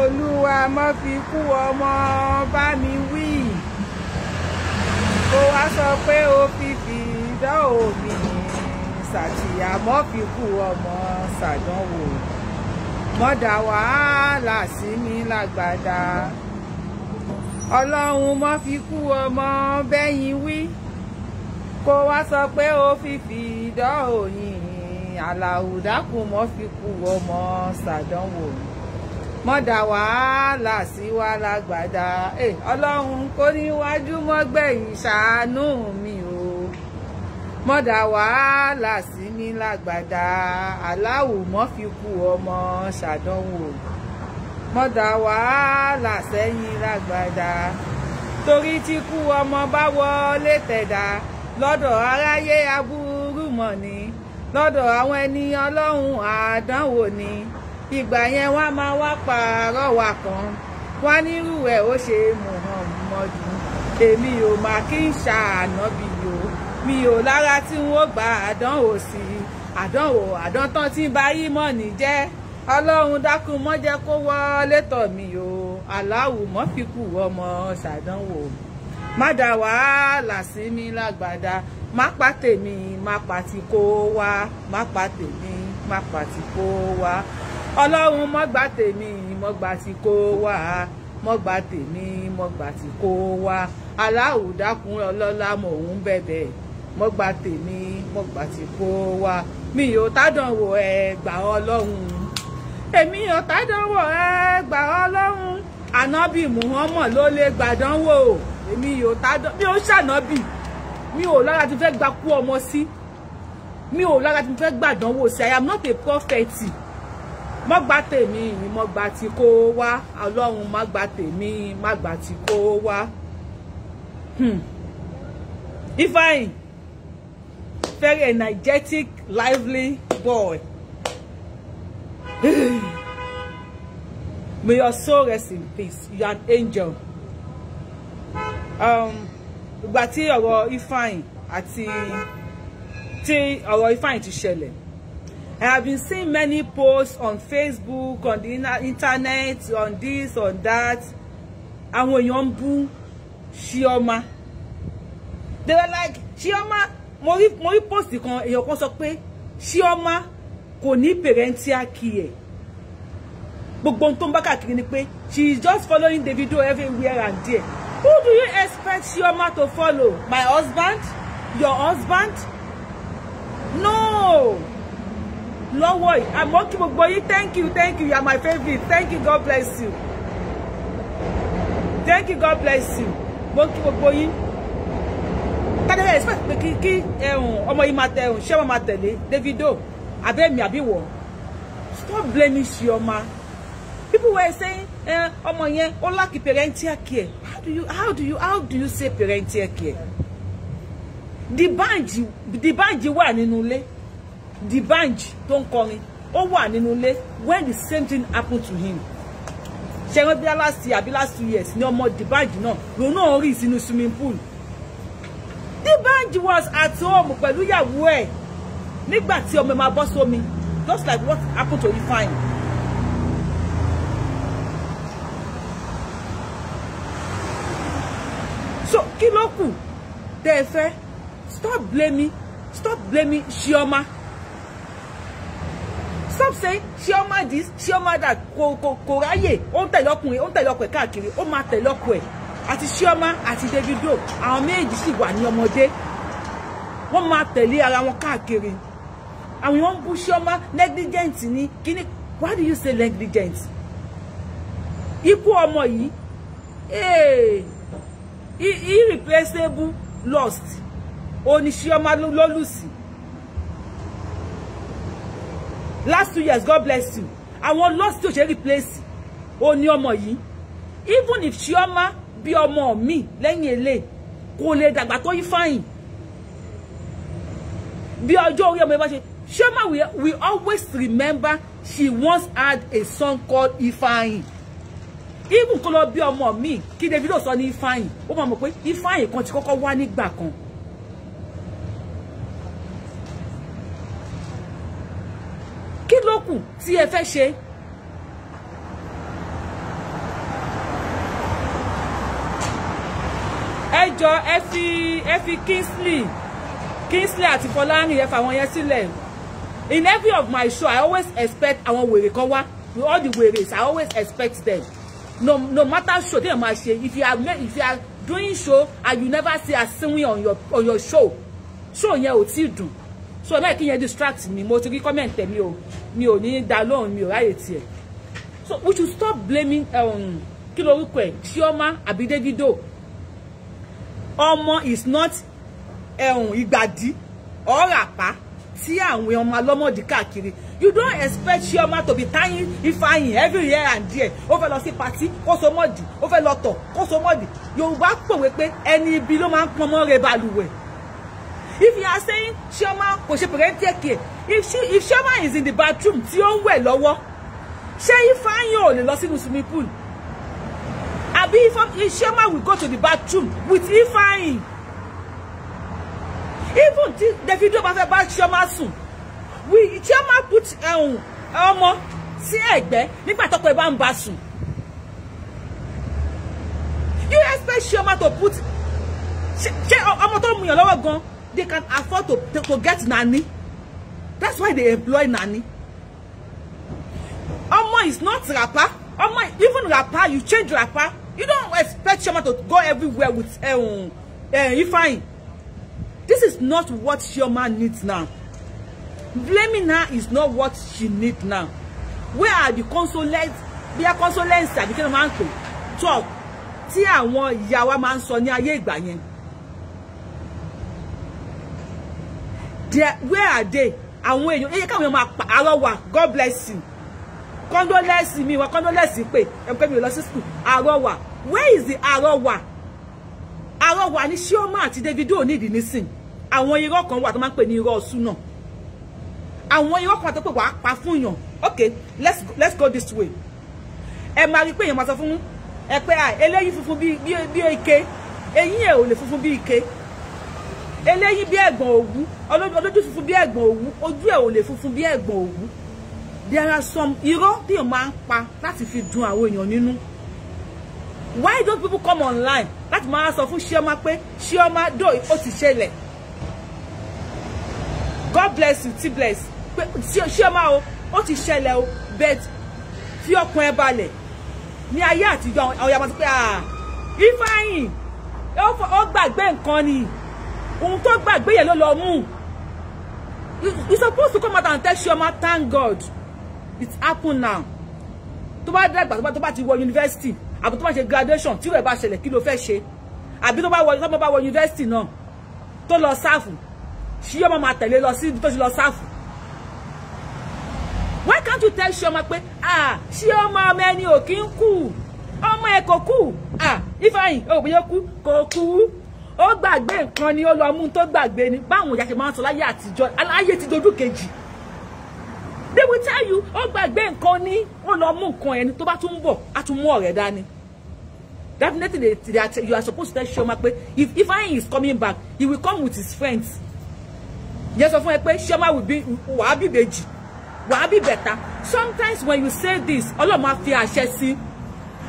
olúwa má fi kú ọmọ bá mi wí kó wá sọ pé ó fi fìdánwò mi ṣàtìyà mọ́ fi kú ọmọ ṣàdánwò mọ́dà wàhálà sí mi lágbàdá ọlọ́run mọ́ fi kú ọmọ bẹ́yìn wí kó wá sọ pé ó fi fìdánwò yìnyín àlàó dákun mọ́ fi kú ọmọ ṣàdánwò mi mọ́dà wàhálà sí wa lágbàdá ọlọ́run kò níwájú mọ́gbẹ̀yìn ṣàánú mi o mọ́dà wàhálà sí mi lágbàdá aláwò mọ́ fi kú ọmọ ṣàdánwò mọ́dà wàhálà sẹ́yìn lágbàdá torí tí kú ọmọ bá wọlé tẹ̀dá lọ́dọ̀ aráyé aburú mọ̀ ni lọ́dọ̀ àwọn ẹni ọlọ́run àdánwò ni ìgbà yẹn wá máa wá pààrọ̀ wa kan wá nírú ẹ̀ ó ṣe Muhammadu èmi ò máa kí n ṣàánábì o mi ò lára tí n ó gba àdánwò sí i àdánwò àdántán tí ń bá yí mọ̀ ní jẹ́ ọlọ́run dákun mọ́ jẹ́ kó wọ́ létọ̀ mi o aláwù mọ́ fi kù ọmọ ṣàdánwò má dá wàhálà sí mi lágbàdá má pa tèmi má pa ti kó wá má pa tèmi má pa ti kó wá ọlọ́run mọ́gbà tèmi mọ́gbà tí kò wá mọ́gbà tèmi mọ́gbà tí kò wá aláwù dákun ọlọ́lá mò ń bẹ̀bẹ̀ mọ́gbà tèmi mọ́gbà tí kò wá mi ò tádànwò ẹ gbà ọlọ́run èmi ò tádànwò ẹ gbà ọlọ́run ànábì muhammed ló lè gbàdánwò èmi ò tádàn mi ò ṣànábì mi ò lára ti fẹ́ gbakú ọmọ sí mi ò lára ti fẹ́ gbàdánwò sí i am not a prophet mọ́ gba tèmi ìyìn mọ́ gba ti kó wá ọlọ́run má gba tèmi má gba ti kó wá. Hmm. Ifeanyi very energetic lively boy. May your soul rest in peace. You are an angel. Um, ìgbà tí ọ̀rọ̀ Ifeanyi àti tí ọ̀rọ̀ Ifeanyi ti ṣẹlẹ̀ I have been seeing many posts on Facebook, on the internet, on this, on that. Àwọn èèyàn ń They were like, Chioma, mo rí mo rí post kan, kon kan sọ koni Chioma kò ní parental care. Gbogbo ohun she is just following the video everywhere and there. Who do you expect Chioma to follow? My husband? Your husband? No! lọ́wọ́ yìí àmọ́ kí gbogbo yín thank you thank you you are my favourite thank you God bless you thank you God bless you mo kí gbogbo yín tẹ́lẹ̀ expect pé kí kí ọmọ yìí máa tẹ ṣé wọ́n máa tẹ̀lé Davido abẹ́mi àbíwọ̀ stop blaming Chioma people were saying eh, ọmọ yẹn ó lack parental care how do you how do you how do you say parental care D'banj D'banj wà nínú ilé. D'banj don't call kọrin ó wà in ilé when the same thing happened to him ṣẹ́wọ́n be last year Be last two years no ní ọmọ no. náà lòun náà rí sínú swimming pool D'banj was at home pẹ̀lú ìyàwó ẹ̀ nígbà tí ọmọ ẹ̀ máa bọ́ sómi just like what happened to you, fine. so Kiloku, ló kù stop blaming stop blaming Chioma stop saying ṣé ọmọ dis that ọmọ dà kò kò kò ráyè ó ń tẹ̀lé ọkùnrin ó ń tẹ̀lé ọkọ̀ ẹ̀ káàkiri ó máa tẹ̀lé ọkọ̀ ẹ̀ àti ṣíọ́mà Davido àwọn méjì sì wà ní ọmọdé wọ́n máa tẹ̀lé ara wọn káàkiri àwọn èèyàn ń bú negligent ni kini? why do you say negligent ikú ọmọ yìí eh, irreplaceable lost oníṣíọ́mà ló lùsì. Lo, last two years God bless you àwọn loss tí o ṣe replace o ní ọmọ yìí even if Chioma bí ọmọ mi lẹ́yìn èlé kò lè dàgbà tó yí fáyìn bí ọjọ́ orí ọmọ ẹ bá ṣe Chioma we, we always remember she once had a song called Ifeanyi even kó lọ bí ọmọ mi kí Davido sọ ní Ifeanyi ó máa mọ̀ pé Ifeanyi kan ti kọ́kọ́ wá nígbà kan tí ẹ fẹ́ ṣe. ẹ jọ ẹ fi ẹ fi Kingsley Kingsley àti Fọlárìn ẹ fà wọn yẹn sílẹ̀ in every of my show I always expect àwọn wèrè kan wá with all the wèrè I always expect them no no matter show dem ma ṣe if you are if you are doing show and you never see asinwin on your on your show show yẹn ò tí dùn so báyìí kí yẹn distract mi mo ti rí comment mi o mi ò ní dá lóhùn mi ò ráyè tiẹ̀ so we should stop blaming um, kí lorúkọ ẹ̀ Chioma àbí Davido ọmọ is not ẹ̀hún um, ìgbàdí ọ̀ràpá tí àwọn ọmọ alọ́mọdé káàkiri you don't expect Chioma to be tying ifeanyi every year and there ó fẹ́ lọ sí patí kó so mọ́ọ̀dì ó fẹ́ lọ tọ̀ kó so mọ́ọ̀dì Yorùbá pòwe pé ẹni ibi ló máa ń pọnmọ́ rẹ̀ balùwẹ̀ if you are saying Chioma kò ṣe parental care if she if Chioma is in the bathroom tí ó ń wẹ̀ lọ́wọ́ ṣé Ifeanyi ò lè lọ sínú swimming pool àbí Chioma will go to the bathroom with Ifeanyi even tí Davido bá fẹ́ bá Chioma sùn we Chioma put um, ọmọ sí ẹ̀gbẹ́ nígbà tọ́kọ ẹ̀ bá ń bá sùn you expect Chioma to put ṣe ọmọ tó mú yàn lọ́wọ́ gan-an they can afford to, to get nanny. That's why they employ nanny. Omo is not rapper. Omo, even rapper, you change rapper. You don't expect Chioma to go everywhere with eh, um, uh, eh, fine. This is not what Chioma needs now. Blaming her is not what she needs now. Where are the consulate? Bí a consulate àbíkẹ́ ló máa ń pè. Talk. Tí àwọn ìyá wa máa ń sọ ní ayé there where are they àwọn èèyàn ẹyẹ káwọn èèyàn máa pa àrọ wà god bless you condolence mi wa condolence pé ẹ pé mi lọ sí school àrọ wà where is the àrọ wà àrọ wà ní Chioma àti Davido nídìí nísìn àwọn irọ́ kan wà tó máa ń pè ní irọ́ ọ̀sùn náà àwọn irọ́ kan tó pè wá pa fún yàn okay let's let's go this way ẹ máa rí pé èèyàn máa sọ fún ẹ pé eléyìí funfun bí ike eyín ẹ ò lè funfun bí ike eléyìí bí ẹ̀gbọ̀n òwú olójú funfun bí ẹ̀gbọ̀n òwú ojú ẹ̀ ò lè funfun bí ẹ̀gbọ̀n òwú there are some irọ́ tí o máa ń pa láti fi dun àwọn èèyàn nínú why don't people come online láti máa sọ fún Chioma pé Chioma do ó ti ṣẹlẹ̀ God bless you ti bless pé Chioma o ó ti ṣẹlẹ̀ o bet fi ọkàn ẹ balẹ̀ ní ayé àtijọ́ àwọn yàrá máa sọ pé ah Ifeanyi ó gbàgbé nǹkan ni ohun tó gbàgbé yẹn ló lọ mú you suppose to come out and tell Chioma thank God it happen now tó bá dàgbà tó bá ti wọ yunifásitì àbí tó bá ṣe graduation tí ìwẹ̀ bá ṣẹlẹ̀ kí ló fẹ́ ṣe àbí tó bá wọ tó bá wọ yunifásitì náà tó lọ sáfù Chioma máa tẹ̀lé lọ sí ibi tó ti lọ sáfù why can't you tell Chioma pé ah Chioma ọmọ ẹni ò kí ń kú ọmọ ẹ kò kú ah Ifeanyi òbí yóò kú kò kú ó gbàgbé nǹkan ni ó lọ mú tó gbàgbé ni báwọn ìyá ṣe máa ń sọ láyé àtijọ́ aláyé ti dojú kejì they will tell you ó gbàgbé nǹkan ni ó lọ mú nǹkan ẹni tó bá tún ń bọ̀ á tún mú ọ̀rẹ́ dání definitely they, are, you are supposed to tell Chioma pé if I is coming back he will come with his friends yẹn sọ fún ẹ pé Chioma will be wàá bíbejì wàá bíbẹ̀ta sometimes when you say this ọlọ́run á fi àṣẹ sí i.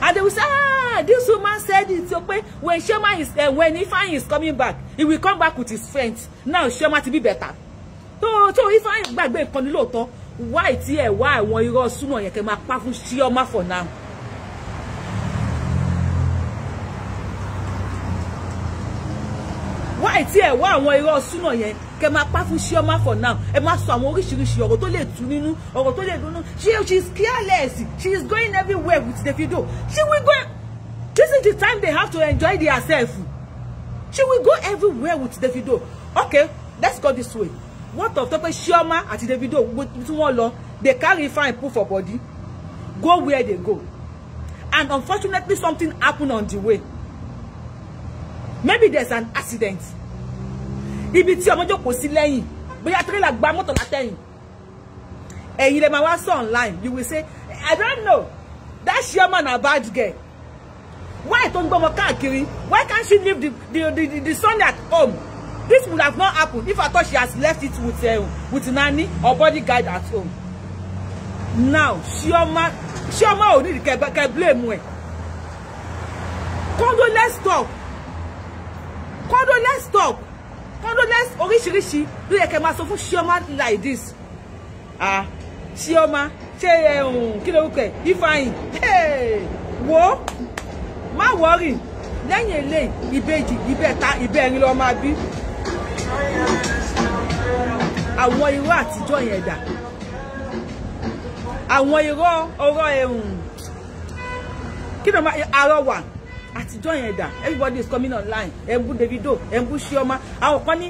And they will say, ah, this woman said it. So pé, when Shema is, uh, when Ifeanyi is coming back, he will come back with his friends. Now Shema to be better. So, so Ifeanyi gbàgbé nǹkan ní lóòótọ́, why tí ẹ wá àwọn irọ́ súnà yẹn kẹ́ máa pa fún Chioma for now. wáì tí ẹ wá àwọn irọ́ súnà yẹn kẹ máa pa fún Chioma for now ẹ máa sọ àwọn oríṣiríṣi ọ̀rọ̀ tó lè tú nínú ọ̀rọ̀ tó lè dúnú she is careless she is going everywhere with the video. she will go this is the time they have to enjoy theirself she will go everywhere with the video. okay let's go this way what of tọpẹ Chioma àti video? tí wọ́n lọ they carry fine put for body go where they go and unfortunately something happen on the way maybe there's an accident ibi tí ọmọ jókòó sí lẹ́yìn bóyá tírélà gba mọ́tò látẹ̀yìn ẹ̀yin lè máa wá sọ online you will say i don't know that chairman na bad girl why tó ń gbọmọ káàkiri why can't she leave the the the, the son at home this would have not happened if I thought she has left it with uh, with nanny or bodyguard at home now chioma chioma ò ní kẹ kẹ blame ẹ condolence talk condolence talk condolence oríṣiríṣi ló yẹ kẹ́ máa so fun? Chioma like this ah Chioma ṣe ẹ̀hún um, kí lorúkọ ẹ̀ Ifeanyi wo má wọ́rì lẹ́yìn eléyìí ìbejì ìbẹ̀ta ìbẹ̀rin ló máa bí àwọn irọ́ àtijọ́ yẹn dà àwọn irọ́ ọ̀rọ̀ ẹ̀hún um, kí ló máa arọ wà àtijọ́ yẹn dà everybody is coming online ẹ̀bú Davido ẹ̀bú Chioma àwọn kan ní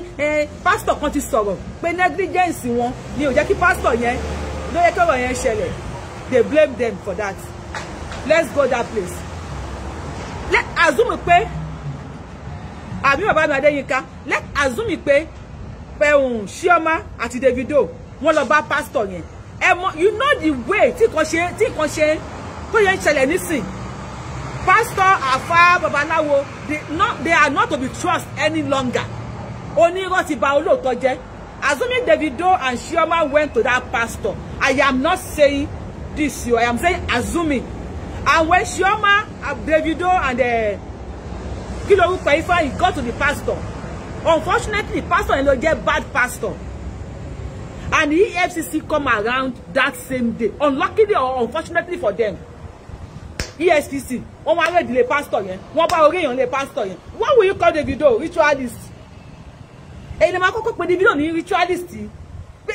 pásítọ̀ kan ti sọ̀rọ̀ pé negligence wọn ni ò jẹ́ kí pásítọ̀ yẹn ló yẹ kọ́rọ̀ yẹn ṣẹlẹ̀ they blame them for that let's go that place let assume pé àbí bàbá mi Adéyínká let assume pé pẹ̀hùn Chioma àti Davido wọ́n lọ bá pásítọ̀ yẹn ẹ mọ you know the way tí kan ṣe tí kan ṣe tó yẹn ṣẹlẹ̀ nísìnyí pastor afa babaláwo they not they are not to be trust any longer onírọ́ ti bà olóòótọ́ jẹ́ assuming Davido and Chioma went to that pastor I am not saying this you I am saying assuming and when Chioma uh, Davido and uh, kí lorúkọ Ifeanyi got to the pastor unfortunately pastor yẹn ló jẹ́ bad pastor and EFCC e come around that same day unluckily or unfortunately for them EFCC wọ́n wá rèdí lé pásítọ̀ yẹn wọ́n bá orí èèyàn lé pásítọ̀ yẹn why will you call video, ritualist èyí ni màá kọ́kọ́ pe video ní ritualist pé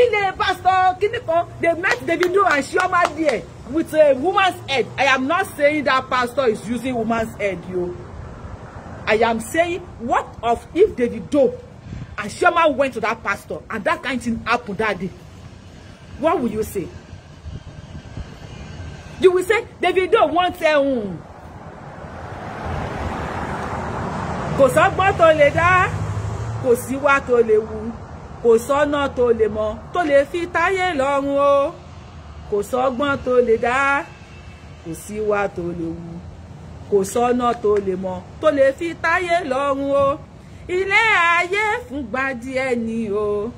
ilé pásítọ̀ kíní kan they met Davido and Chioma there with a woman's head I am not saying that pastor is using woman's head yo I am saying what of if Davido and Chioma went to that pastor and that kind thing happen that day what will you say You will say, Davido wants a home. Kò sọ́gbọ́n tó lè dá, kò síwá tó lè wù, kò sọ́nà to lè mọ̀, to le fi táyé lọ́rùn o. Kò sọ́gbọ́n tó lè dá, kò síwá tó lè wù, kò sọ́nà to lè mọ̀, to le fi táyé lọ́rùn o. Ilé ayé fúngbà díẹ̀ ni o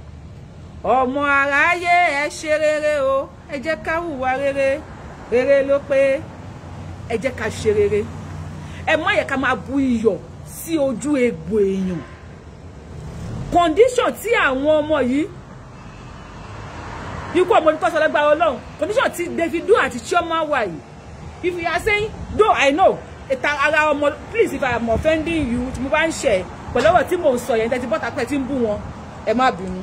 omo aráyé ẹ ṣe rere o ẹ jẹ́ ká hùwà rere rere ló pé ẹ jẹ́ ká ṣe rere ẹ má yẹ ká máa bu iyọ̀ sí ojú egbò èèyàn condition tí àwọn ọmọ yìí ikú ọmọ nípa sọlẹ́gbà ọlọ́run condition tí Davido àti Chioma wà yìí if you are saying though I know ìta ara ọmọ please if I am offending you tí mo bá ń ṣe pẹ̀lú ọ̀rọ̀ tí mò ń sọ yẹn tẹ́tí bọ́ta pẹ̀ tí ń bú wọn ẹ má bínú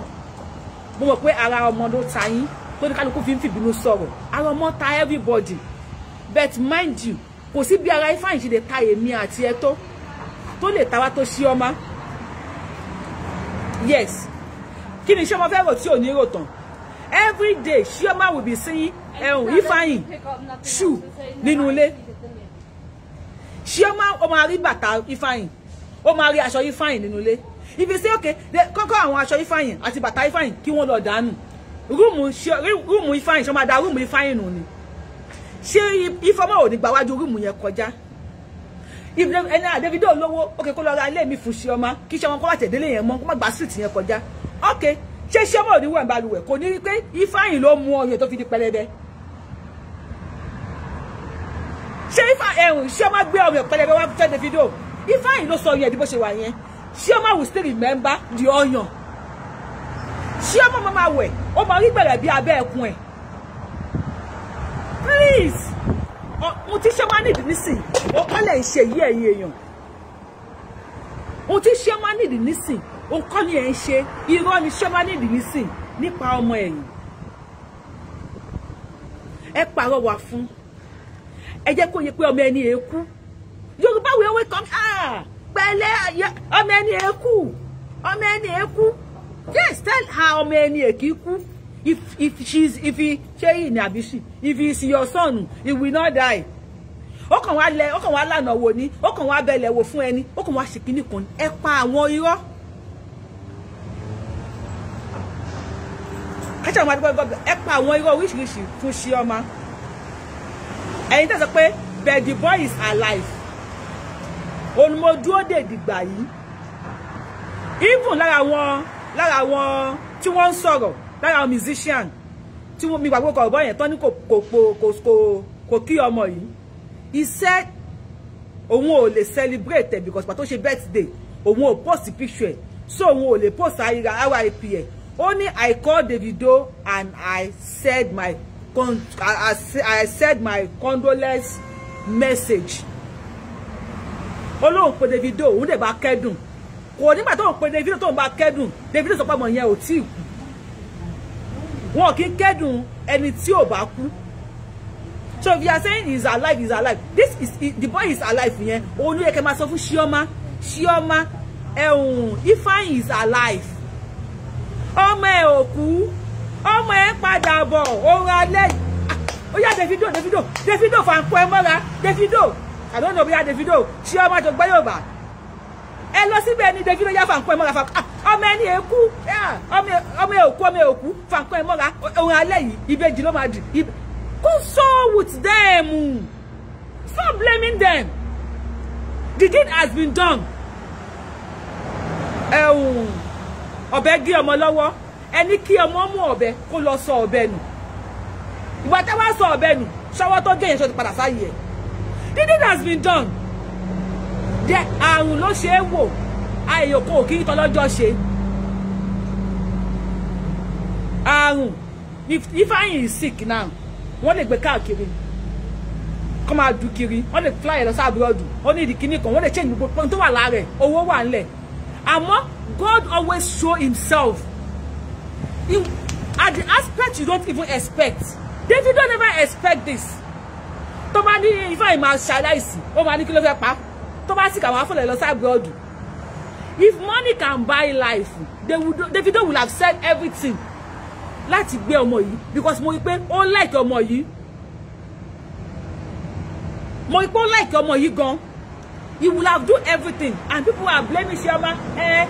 mo mọ̀ pé ara ọmọ ló ta yín tó ní kálukú fi ń fìbínú sọ̀rọ̀ ara ọmọ ta everybody but mind you kò sí bí ara ifá ìṣẹ̀lẹ̀ ta èmi àti ẹ tó tó lè ta wá tó ṣí ọmọ yes kí ni iṣẹ́ ọmọ fẹ́ rò tí ò ní rò tán every day ṣí will be singing ẹ̀hún ifáyìn ṣù nínú ilé ṣí ọmọ ó máa rí bàtà ifáyìn ó máa rí aṣọ ifáyìn nínú ilé ibi sí òkè kọ́kọ́ àwọn aṣọ ifáyìn àti bàtà ifáyìn kí wọ́n lọ dànù rúùmù rúùmù Ifeanyi ṣe máa da rúùmù Ifeanyi nù ni ṣé ifeoma ò ní gbàwájú rúùmù yẹn kọjá ẹni àdévidó ah, olówó ókè kó lọ ra ilé mi fún ṣe ọmọ kí ṣe ọmọ kó má tẹ̀délé yẹn mọ́ kó má gba síìtì yẹn kọjá ókè ṣé ṣé ọmọ ò ní wọ̀ ń balùwẹ̀ kò ní pé Ifeanyi ló mú ọyàn tó fi di pẹlẹbẹ ṣé ẹ̀hún ṣé ọmọ gbé ọyàn pẹlẹbẹ wá fẹ́ Davido Ifeanyi ló sọ ọyàn ẹ̀dí bó ṣe wà yẹn ṣé ọmọ will still remember the ọyàn ṣé ọmọ máa máa wẹ̀ ó máa rí gbẹ̀rẹ̀ bí abẹ́ ẹkùn ẹ̀ please ohun tí ṣé wá nídìí nísìn ó kọ́ lẹ̀ ń ṣe yí ẹ̀yin èèyàn ohun tí ṣé wá nídìí nísìn ó kọ́ ni ẹ̀ ń ṣe irọ́ ni ṣé wá nídìí omo nípa E ẹ̀yìn ẹ pàrọ̀ wà fún ẹ jẹ́ kó yẹ pé ọmọ ẹni we Yorùbá wíwé kọ́ ah, pẹ̀lẹ́ ọmọ ẹni èékú ọmọ ẹni èékú yes tell her ọmọ ẹni èkì kú if if she is if he ṣé yìí ni àbí she if he is your son he will not die ó kàn wá lẹ ó kàn wá lànà wò ní ó kàn wá bẹlẹ̀ wò fún ẹni ó kàn wá ṣìkínì kan ẹ pa àwọn irọ́. kẹ́tà àwọn adúgbò gbọ́dọ̀ ẹ pa àwọn irọ́ oríṣiríṣi fún ṣí ọmọ ẹ̀yin tẹ̀sán pé but the boy is alive òun mo dúró dè dìgbà yìí even lára wọn lára àwọn tí wọ́n ń sọ̀rọ̀ lára àwọn musician tí wọ́n mi gbàgbọ́ kọ̀ ọ̀bọ yẹn tán ní kò kò kò kò kò kí ọmọ yìí iṣẹ́ òun ò lè celebrate because pàtó ṣe birthday òun ò post picture so òun ò lè post ayira RIP ẹ̀ ó ní I called Davido and I said my I, I said my condolence message olóhùn pé Davido òun dẹ̀ bá kẹ́dùn kò nígbà tó ń pe Davido tó ń bá kẹ́dùn Davido sọ pé ọmọ yẹn ò tí ì kú wọn kì í kẹ́dùn ẹni tí ò bá kú so if you are saying he is alive he is alive this is the boy is alive yẹn òun ló yẹ kẹ́ máa sọ fún Chioma Chioma ẹ̀hún Ifeanyi is alive ọmọ ẹ̀ ò kú ọmọ ẹ̀ padà bọ̀ òun alẹ́ yìí ah, ó yá Davido Davido Davido fàǹkó ẹ mọ́ra Davido I don't know bóyá Davido Chioma tó gbẹ́ Yorùbá ẹ lọ síbẹ̀ ní Davido yá fàǹkọ́ ẹ fàǹkọ́ ah, ọmọ ẹni èkú ọmọ èkú ọmọ èkú fàǹkọ́ ẹ mọ́ra alẹ́ yìí ìbejì ló máa dì console with them stop blaming them the deed has been done ẹ̀hún ọ̀bẹ gé ọmọ lọ́wọ́ ẹni kí ọmọ mú ọ̀bẹ kó lọ sọ ọ̀bẹ nù ìwà tẹ́wọ́ sọ ọ̀bẹ nù ṣọwọ́ tó gé yẹn ṣọ́ ti padà sáyé ẹ̀ the deed has been done jẹ́ àrùn ló ṣe é wò àìyòkó kí n tọ́lọ́jọ́ ṣe àrùn Ifeanyi is sick now wọ́n lè gbé káàkiri kọ́ máa du kiri wọ́n lè fly lọ sáàbúrọ̀dù ó ní ìdíkíní kan wọ́n lè change gbogbo tó wà lára ẹ̀ owó wà ńlẹ̀ àmọ́ God always show himself in, at the aspect you don't even expect David don't ever expect this tó bá ní Ifeanyi máa ṣaláìsì ó máa ní kí ló fẹ́ pa á tó bá sì kà wọ́n á fọ̀lẹ̀ if money can buy life they would Davido will have said everything láti gbé ọmọ yìí because mo rí pé ó like ọmọ yìí mo rí pé ó like ọmọ yìí gan he will have do everything and people are blaming Chioma eh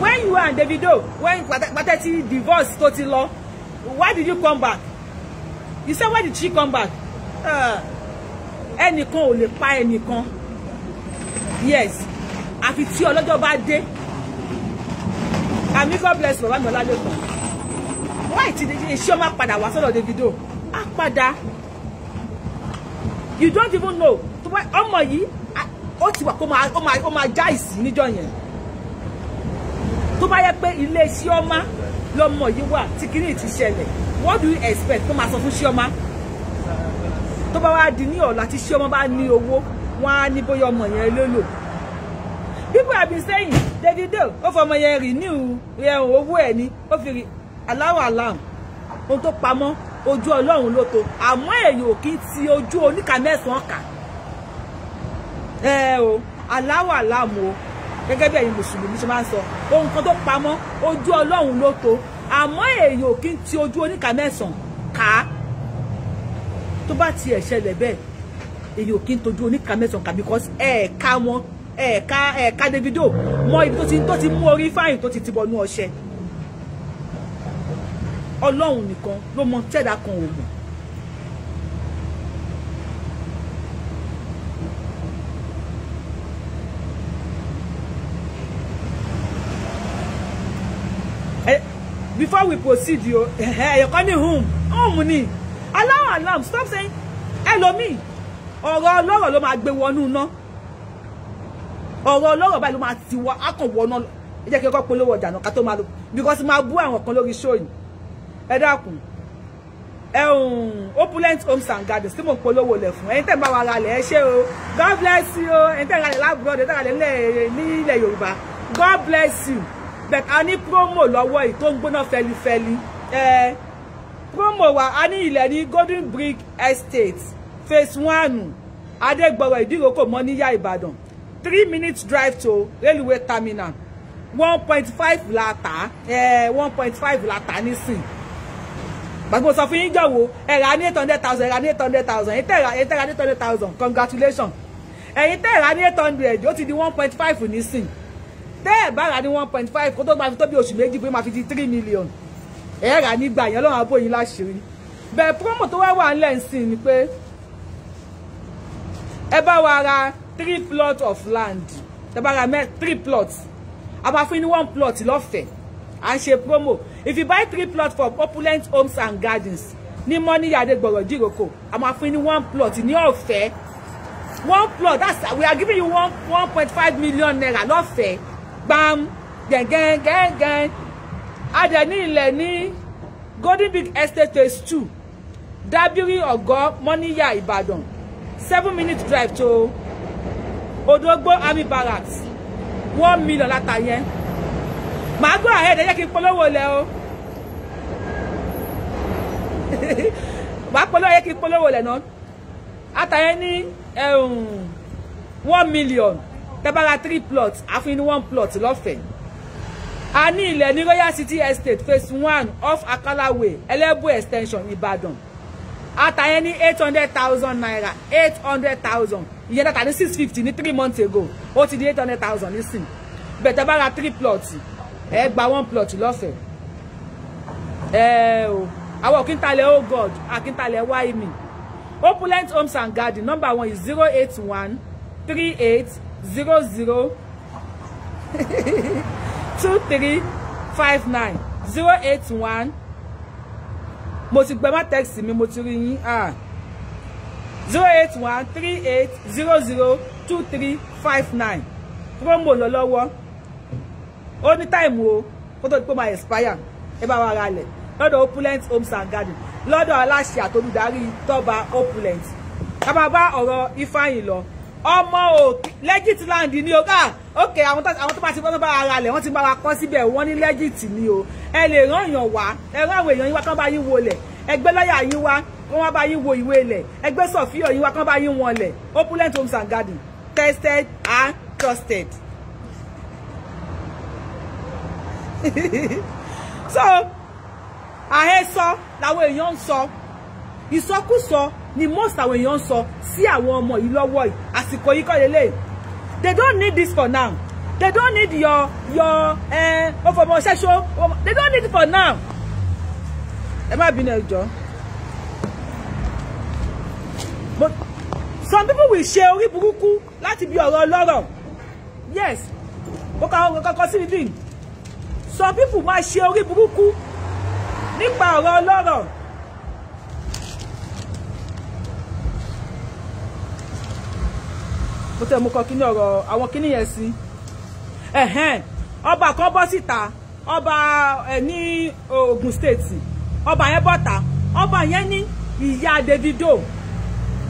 when you and Davido when pàtẹ́ ti divorce tó ti lọ why did you come back you say why did she come back eh, ẹnìkan ò lè pa ẹnìkan yes àfi tí ọlọ́jọ́ bá dé àmì god bless bàbá mi ọlálẹ́kọ̀ọ́ why ti iṣẹ́ ọmọ padà wá sọ́dọ̀ Davido á padà you don't even know ọmọ yìí ó ti wà kó máa já ìsìn níjọ́ yẹn tó bá yẹ pé ilé Chioma lọmọ yìí wà tí kìíní ti ṣẹlẹ̀ what do you expect kó máa sọ fún Chioma tó bá wá di ní ọ̀la tí Chioma bá ní owó wọ́n á ní bóyá ọmọ yẹn ló lò people have been saying Davido ó fọmọ yẹn renew yẹn owó ẹ̀ ni ó fi aláwọ̀ alam ohun tó pamọ́ ojú ọlọ́run ló to àmọ́ èyàn ò kí ń ti ojú oníkà mẹ́sàn-án kà ẹ o aláwọ̀ alam o gẹ́gẹ́ bí ẹ̀yin mùsùlùmí ṣe máa ń sọ ohun kan tó pamọ́ ojú ọlọ́run ló to àmọ́ èyàn ò kí ń ti ojú oníkà mẹ́sàn-án kà tó bá tiẹ̀ ṣẹlẹ̀ bẹ́ẹ̀ èyí ò kí n tojú oníka mẹ́sàn-án kà because ẹ̀ẹ̀ka wọn ẹ̀ẹ̀ka ẹ̀ẹ̀ka Davido mọ ibi tó ti tó ti mú orí fáyìn tó ti ti bọnú ọṣẹ ọlọ́run nìkan ló mọ tẹ́dà kan òògùn before we proceed yo ẹyọkan ni hum hum ni alarm alarm stop saying hello me ọ̀rọ̀ ọlọ́rọ̀ ló máa gbé wọnú ná ọ̀rọ̀ ọlọ́rọ̀ báyìí ló máa ti wọ akàn wọná ẹ jẹ́ kí ọkọ̀ polówó ọjà náà ká tó máa lò because máa bú àwọn kan lórí show ẹ dákun opulent homes and gardens tí mò ń polówó lẹ̀ fún ẹ̀yin tẹ̀ ń bá wa ra lẹ̀ ẹ ṣé o God bless you ẹ̀yin tẹ̀ ń ra lẹ̀ láàbùrọ̀ ẹ̀yin tẹ̀ ń ra lẹ̀ nílẹ̀ Yorùbá God bless you but a ní promo lọ́wọ́ yìí tó ń gbóná fẹlifẹli ẹ promo wa a ní ilẹ̀ ní Golden Brick Estate phase one adégbọ̀wọ̀ ìdíròkò mọ́ níyà ìbàdàn three minutes drive to railway terminal one point five lata, tà eh, one point five lata tà nísìn gbàgbọ́ sọ fún yín jọ̀wọ́ ẹ ní eight hundred thousand ẹ rà ní eight hundred thousand èyí tẹ́ rà èyí tẹ́ ní eight hundred thousand congratulations ẹ̀yin tẹ́ rà ní eight hundred ó ti di one point five nísìn tẹ́ ẹ̀ bá ní one point five kó tó máa fi tó bí oṣù méjì pé máa fi di three million ẹ̀ rà nígbà yẹn lọ́wọ́ àbóyin láṣìírí bẹ́ẹ̀ promo tó wá wà ńlẹ̀ ń ni pé Eba wara three plot of land tẹ bá ra three plots Aba bá one plot Lo fe. ń ṣe promo if you buy three plots for opulent homes and gardens ní mọ́níyà adégbọ̀rọ̀ jíròkò a máa fún one plot ní ọ̀fẹ́ one plot that's we are giving you one one point five million naira lọ́fẹ̀ẹ́ gbam gẹ̀ngẹ̀ngẹ̀ngẹ̀n adẹ̀ ní ilẹ̀ ní golden big estate phase two dabiri ogo mọ́níyà ìbàdàn seven minute drive to Odogbo Army Barracks one million láta yẹn màá go ahead ẹ jẹ́ kí n polówó lẹ o màá polówó ẹ jẹ́ kí n polówó lẹ náà um, one million tẹ́bára three plots àfin ní one plot lọ́fẹ̀ẹ́ Ani le ilẹ̀ ní Royal City Estate phase one off Akala Way Ẹlẹ́bù extension ibadan àtàyẹ any eight hundred thousand naira eight hundred thousand ìyẹn dàtà ní six fifty three months ago what is the eight hundred thousand nísìn bẹ̀tẹ̀ bá ra three plots ẹ gba one plot lọ́fẹ̀ẹ́ I walk in òkíntalẹ̀ oh god I akíntalẹ̀ why me opulent homes and garden number one is zero eight one three eight zero zero two three five nine zero eight one mo ti gbẹ má tẹ́ẹ̀sì mi mo ti rí yín zero eight one three eight zero zero two three five nine promo lọ lọ́wọ́ ó ní táìmù o kó tó di pé máa expire ẹ bá wa ra lẹ̀ lọ́dọ̀ opulent homes and garden lọ́dọ̀ aláṣẹ àtolúdarí tọ́ba opulent ká ba oro ọ̀rọ̀ Ifeanyi lọ ọmọ o legit land ni o ká ok àwọn tó bá ti bọ́n bá ara lẹ̀ wọ́n ti bá wa kọ́ síbẹ̀ wọ́n ní legit ni o ẹ lè rán èèyàn wá ẹ rán àwọn èèyàn yín wá kán bá yín wo lẹ̀ ẹgbẹ́ lọ́yà yín wá kán wá bá yín wo ìwé lẹ̀ ẹgbẹ́ sọ̀fíọ̀ yín wá kán bá yín wọn lẹ̀ opulent homes and garden tested and trusted. so àhesọ làwọn èèyàn ń sọ ìsọkúsọ. So, ni most àwọn èèyàn sọ sí àwọn ọmọ yìí lọ́wọ́ yìí àsìkò yìí kọ́ lélẹ̀ they don't need this for now they don't need your your eh, ọfọmọṣẹṣọ uh, they don't need it for now ẹ má bínú ẹ jọ but some people will ṣe orí burúkú láti bí ọ̀rọ̀ ọlọ́rọ̀ yes ó kọ́ kọ́kọ́ sí bíbí some people máa ṣe orí burúkú nípa ọ̀rọ̀ ọlọ́rọ̀. mo tẹ́ mo kọ kíní ọ̀rọ̀ àwọn kíní yẹn sí ẹ̀hẹ́n ọba kan bọ́ síta ọba ẹ̀ ní Ogun State ọba yẹn bọ́ta ọba yẹn ní ìyá Davido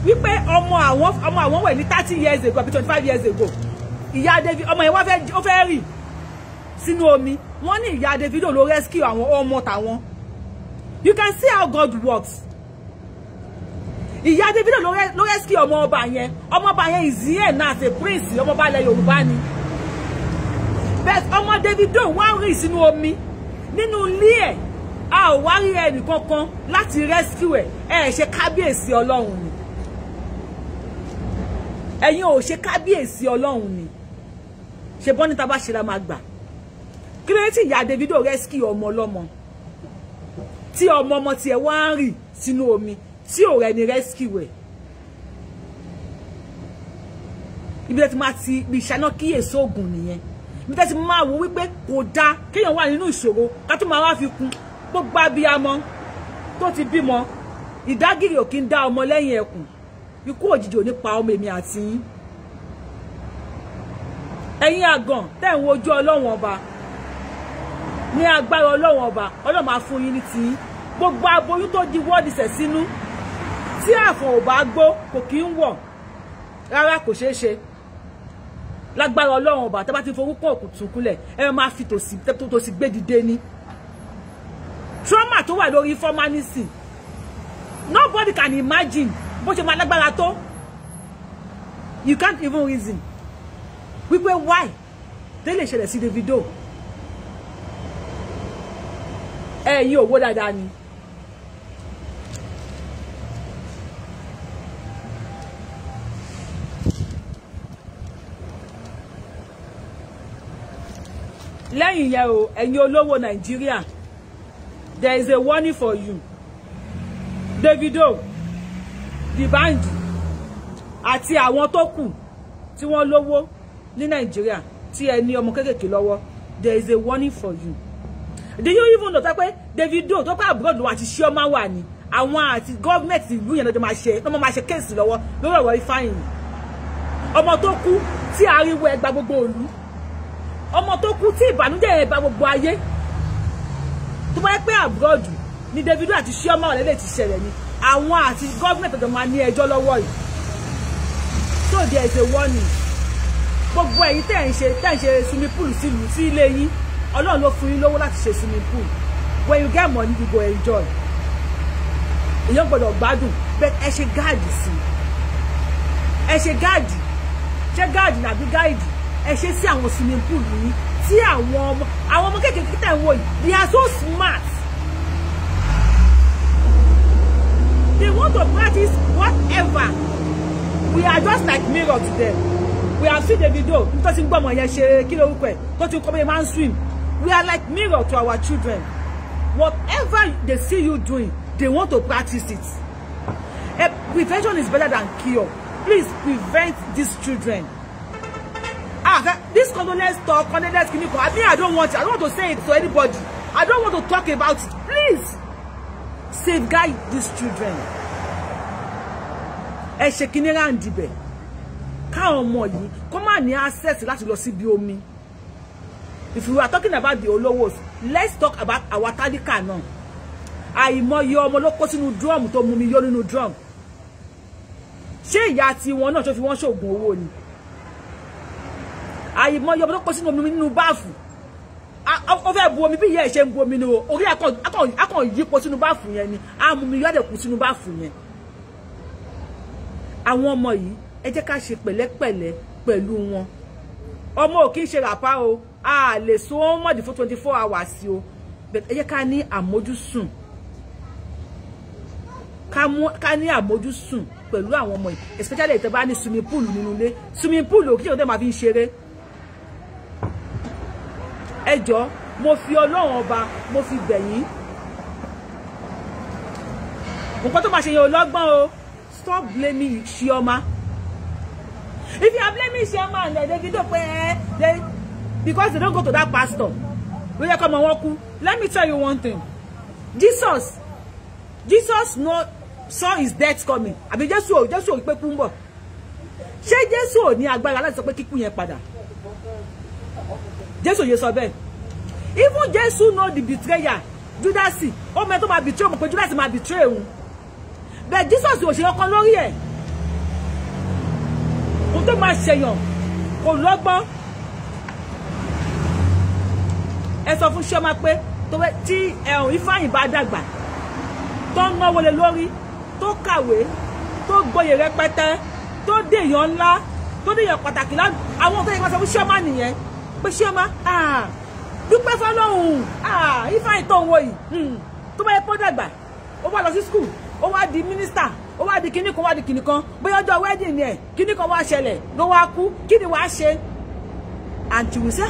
wípé ọmọ àwọn ọmọ àwọn wẹ̀ ní thirty years ago àbí twenty five years ago ìyá Davido ọmọ yẹn wá fẹ́ rì sínú omi wọ́n ní ìyá Davido ló rescue àwọn ọmọ tàwọn you can see how God works ìyá Davido ló rẹ́síkì ọmọ ọba yẹn ọmọ ọba yẹn is here now as a prince ọmọ ọba ilẹ̀ Yorùbá ni but ọmọ Davido wá rìn sínú omi nínú ilé ẹ̀ a ò wá rí ẹnì kankan láti rẹ́síkì ẹ̀ ẹ̀ ṣe kábíyèsí Ọlọ́run ni ẹ̀yin ò ṣe kábíyèsí Ọlọ́run ni ṣe bọ́ níta bá ṣe la máa gbà kí ló dé tí ìyá Davido rẹ́síkì ọmọ ọlọ́mọ tí ọmọ ọmọ tiẹ̀ wá ń sínú omi tí o rẹ ni rescue ẹ̀ ibi tẹ́ ti máa ti ibi ìṣáná kíyèsí oògùn nìyẹn ibi tẹ́ ti máa wo wípé kò dáa kéèyàn wà nínú ìṣòro ká tó máa wá fi kún gbogbo abiyamọ tó ti bímọ ìdágìrì ò kí ń dá ọmọ lẹ́yìn ẹkùn ikú òjijì ò ní pa ọmọ èmi àti yín ẹ̀yin àgàn tẹ́ ń wojú ọlọ́wọ̀n ọba ní agbára ọlọ́wọ̀n ọba ọlọ́run máa fún yín ní tiyín gbogbo aboyún tó di wọ́ọ̀dì sẹ̀ tí àfọ̀n ò bá gbó kò kí ń wọ̀ rárá kò ṣeé ṣe lágbára ọlọ́run ọba tẹ́bá ti forúkọ òkùtù kúlẹ̀ ẹ máa fi tòsí gbé dìde ni trauma tó wà lórí formality nobody can imagine bó ṣe máa lágbára tó you can't even reason wípé why délé ṣẹlẹ̀ sí Davido ẹ̀yin ò wò dáadáa ni. lẹ́yìn yẹn o ẹ̀yin olówó nàìjíríà there is a warning for you Davido D'banj àti àwọn tó kù tí wọ́n lówó ní nàìjíríà tí ẹ ní ọmọ kéékèèké lọ́wọ́ there is a warning for you do you even know pé Davido tó pé abroad lòun àti Chioma wà ní àwọn àti gọ́ọ̀mẹ̀tì ìlú yẹn lọ́jọ́ máa ṣe lọ́mọ máa ṣe kéèsì lọ́wọ́ lórí ọ̀rọ̀ Ifeanyi ọmọ tó kú tí ariwo ẹgbà gbogbo òlu ọmọ tó kú tí ìbànújẹ́ yẹn bà gbogbo ayé tó bá yẹ pé àbúrọ̀dù ni Davido àti Chioma ọ̀lẹ́lẹ̀ ti ṣẹlẹ̀ ni àwọn àti gọ́ọ̀mẹ̀ntì ọ̀dọ̀ máa ní ẹjọ́ lọ́wọ́ yìí so there is a warning gbogbo ẹ̀yin tẹ̀ ń ṣe tẹ̀ ń ṣe swimming pool sílùú sí ilé yín ọlọ́run ló fún yín lówó láti ṣe swimming pool when you get money you go enjoy èèyàn gbọ́dọ̀ gbádùn bẹ́ẹ̀ ẹ ṣe gáàdì sí ẹ ṣe gáàdì ṣé gáàdì nàbí gáàdì ẹ sí àwọn swimming pool yìí tí àwọn ọmọ àwọn ọmọ kékeré tẹ̀ ń wò yìí they are so smart they want to practice whatever we are just like mirror to them we have seen the video tó ti ń gbọ́ ọmọ yẹn ṣe kí lórúkọ ẹ̀ tó ti kọ́ bẹ́ẹ̀ máa ń swim we are like mirror to our children whatever they see you doing they want to practice it. prevention is better than cure. Please prevent these children ah, this condolence talk, condolence clinic, I mean, I don't want it. I don't want to say it to anybody. I don't want to talk about it. Please, safeguard these children. Ẹ ṣe kíní ráǹdì bẹ̀. Káwọn ọmọ yìí kó má ní access láti lọ síbi omi. If we are talking about the olówos, let's talk about our tálíkà náà. Àìmọye ọmọ ló kó sínú drum tó mú mi yó nínú drum. Ṣé ìyá tiwọn náà tó fi wọ́n ṣoògùn owó ni? àyè mọ́ yọ ọmọ tó kó sínú omi nínú báàfù ó fẹ́ bu omi bí ìyá ẹ̀ ṣe ń bu omi ni o orí akọ̀ yípo sínú báàfù yẹn ni amumi yọ́dẹ̀ kú sínú báàfù yẹn àwọn ọmọ yìí ẹ jẹ́ ká ṣe pẹ̀lẹ́pẹ̀lẹ́ pẹ̀lú wọn ọmọ ò kí ń ṣe ràpá o a lè so ó mọ̀dí fún twenty four hours o ẹ jẹ́ ká ní àmójúsùn ká ni àmójúsùn pẹ̀lú àwọn ọmọ yìí especially ìtẹ́ bá ní swimming pool nínú ilé swimming pool ò kí ṣe òun tẹ́ máa fi ń ṣeré ẹjọ́ mo fi ọlọ́run ọba mo fi bẹ̀yìn nǹkan tó máa ṣe yẹn ò o stop blaming Chioma if you are blaming Chioma and Davido pé eh, they because they don't go to that pastor ló yẹ come ọmọ wọn let me tell you one thing Jesus Jesus no saw his death coming àbí Jésù ò Jésù ò pé kú ń bọ̀ ṣé Jésù ò ní agbára láti sọ pé kíkú yẹn padà jésù yé sọ bẹ́ẹ̀ even jésù know the betrayer judasi ó mẹ tó máa betray mọ̀ pé judasi máa betray òun bẹ́ẹ̀ jesus ò ṣe ọkàn lórí ẹ̀ kó tó máa ṣèyàn kò lọ́gbọ́n ẹ sọ fún ṣọ́mà pé tí ẹ̀hún eh, ifáyìn bá dàgbà tó ń náwó lé lórí tó kàwé tó gboyè rẹpẹtẹ tó dèèyàn ńlá tó dèèyàn pàtàkì láwọn tó yẹ kí wọ́n sọ fún ṣọ́mà nìyẹn pé ṣé ọmọ dúpẹ́ fọlọ́hún ifá ìtọ́ owó yìí hmm. tó bá yẹ kó dàgbà ó wá lọ sí skul ó wá di mínísítà ó wá di kinní kan wá di kinní kan bóyá ọjọ́ wẹ́dìn ni ẹ̀ kinní kan wá ṣẹlẹ̀ ló wá kú kí ni wàá ṣe àǹtìwìsà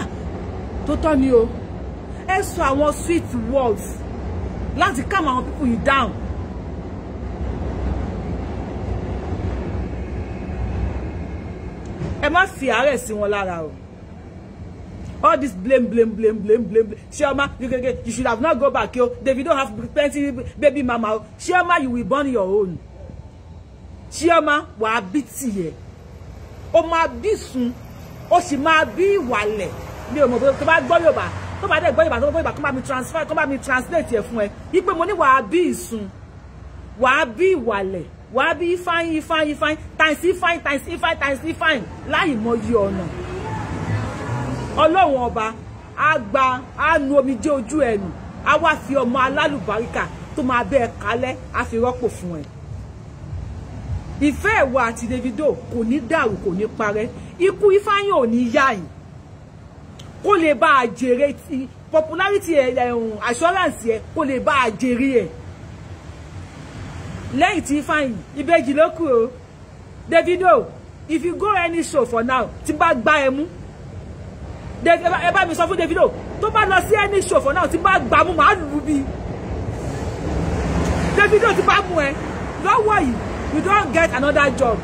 tó tọ́ ni o ẹ sọ àwọn sweet words láti calm àwọn people yìí down ẹ má fi àárẹ̀ sí wọn lára o. All this blame, blame, blame, blame, blame. blame. Shema, you, you, you should have not go back. Yo. If you don't have plenty baby mama, Shema, you will burn your own. Shema, wà á bí tiẹ̀. Ó máa bí sùn. Ó sì máa bí ìwàlẹ̀. Mi ò mọ̀ pé tó bá gbọ́ Yorùbá. Tó bá dẹ̀ gbọ́ Yorùbá tó gbọ́ Yorùbá kó bá mi transfer kó bá mi translate ẹ̀ fún ẹ. Ipe mo ní wà á bí ìsun. Wà á bí ìwàlẹ̀. Wà á bí ifáyín ifáyín ifáyín. Times ifáyín times ifáyín times ifáyín. Láì mọ no, ọ̀nà ọlọ́run ọba á gba á nu omijé ojú ẹnu á wá fi ọmọ alálùbáríkà tó máa bẹ́ ẹ kalẹ̀ á fi rọ́pò fún ẹ ìfẹ́ ẹ̀wọ̀ àti Davido kò ní dàrú kò ní parẹ́ ikú Ifeanyi ò ní yáyìn kó lè bá a jèrè ti popularity ẹ̀ ẹ̀hún um, assurance ẹ̀ kó lè bá a jèrè ẹ̀ lẹ́yìn tí Ifeanyi ìbejì ló kù Davido if you go any show for now tí bá gbá ẹ mú ẹ bá mi sọ fún Davido tó bá lọ sí any show for now tí bá gbà mú màá lù bí Davido ti bá mú ẹ lọ́wọ́ yìí you don get another job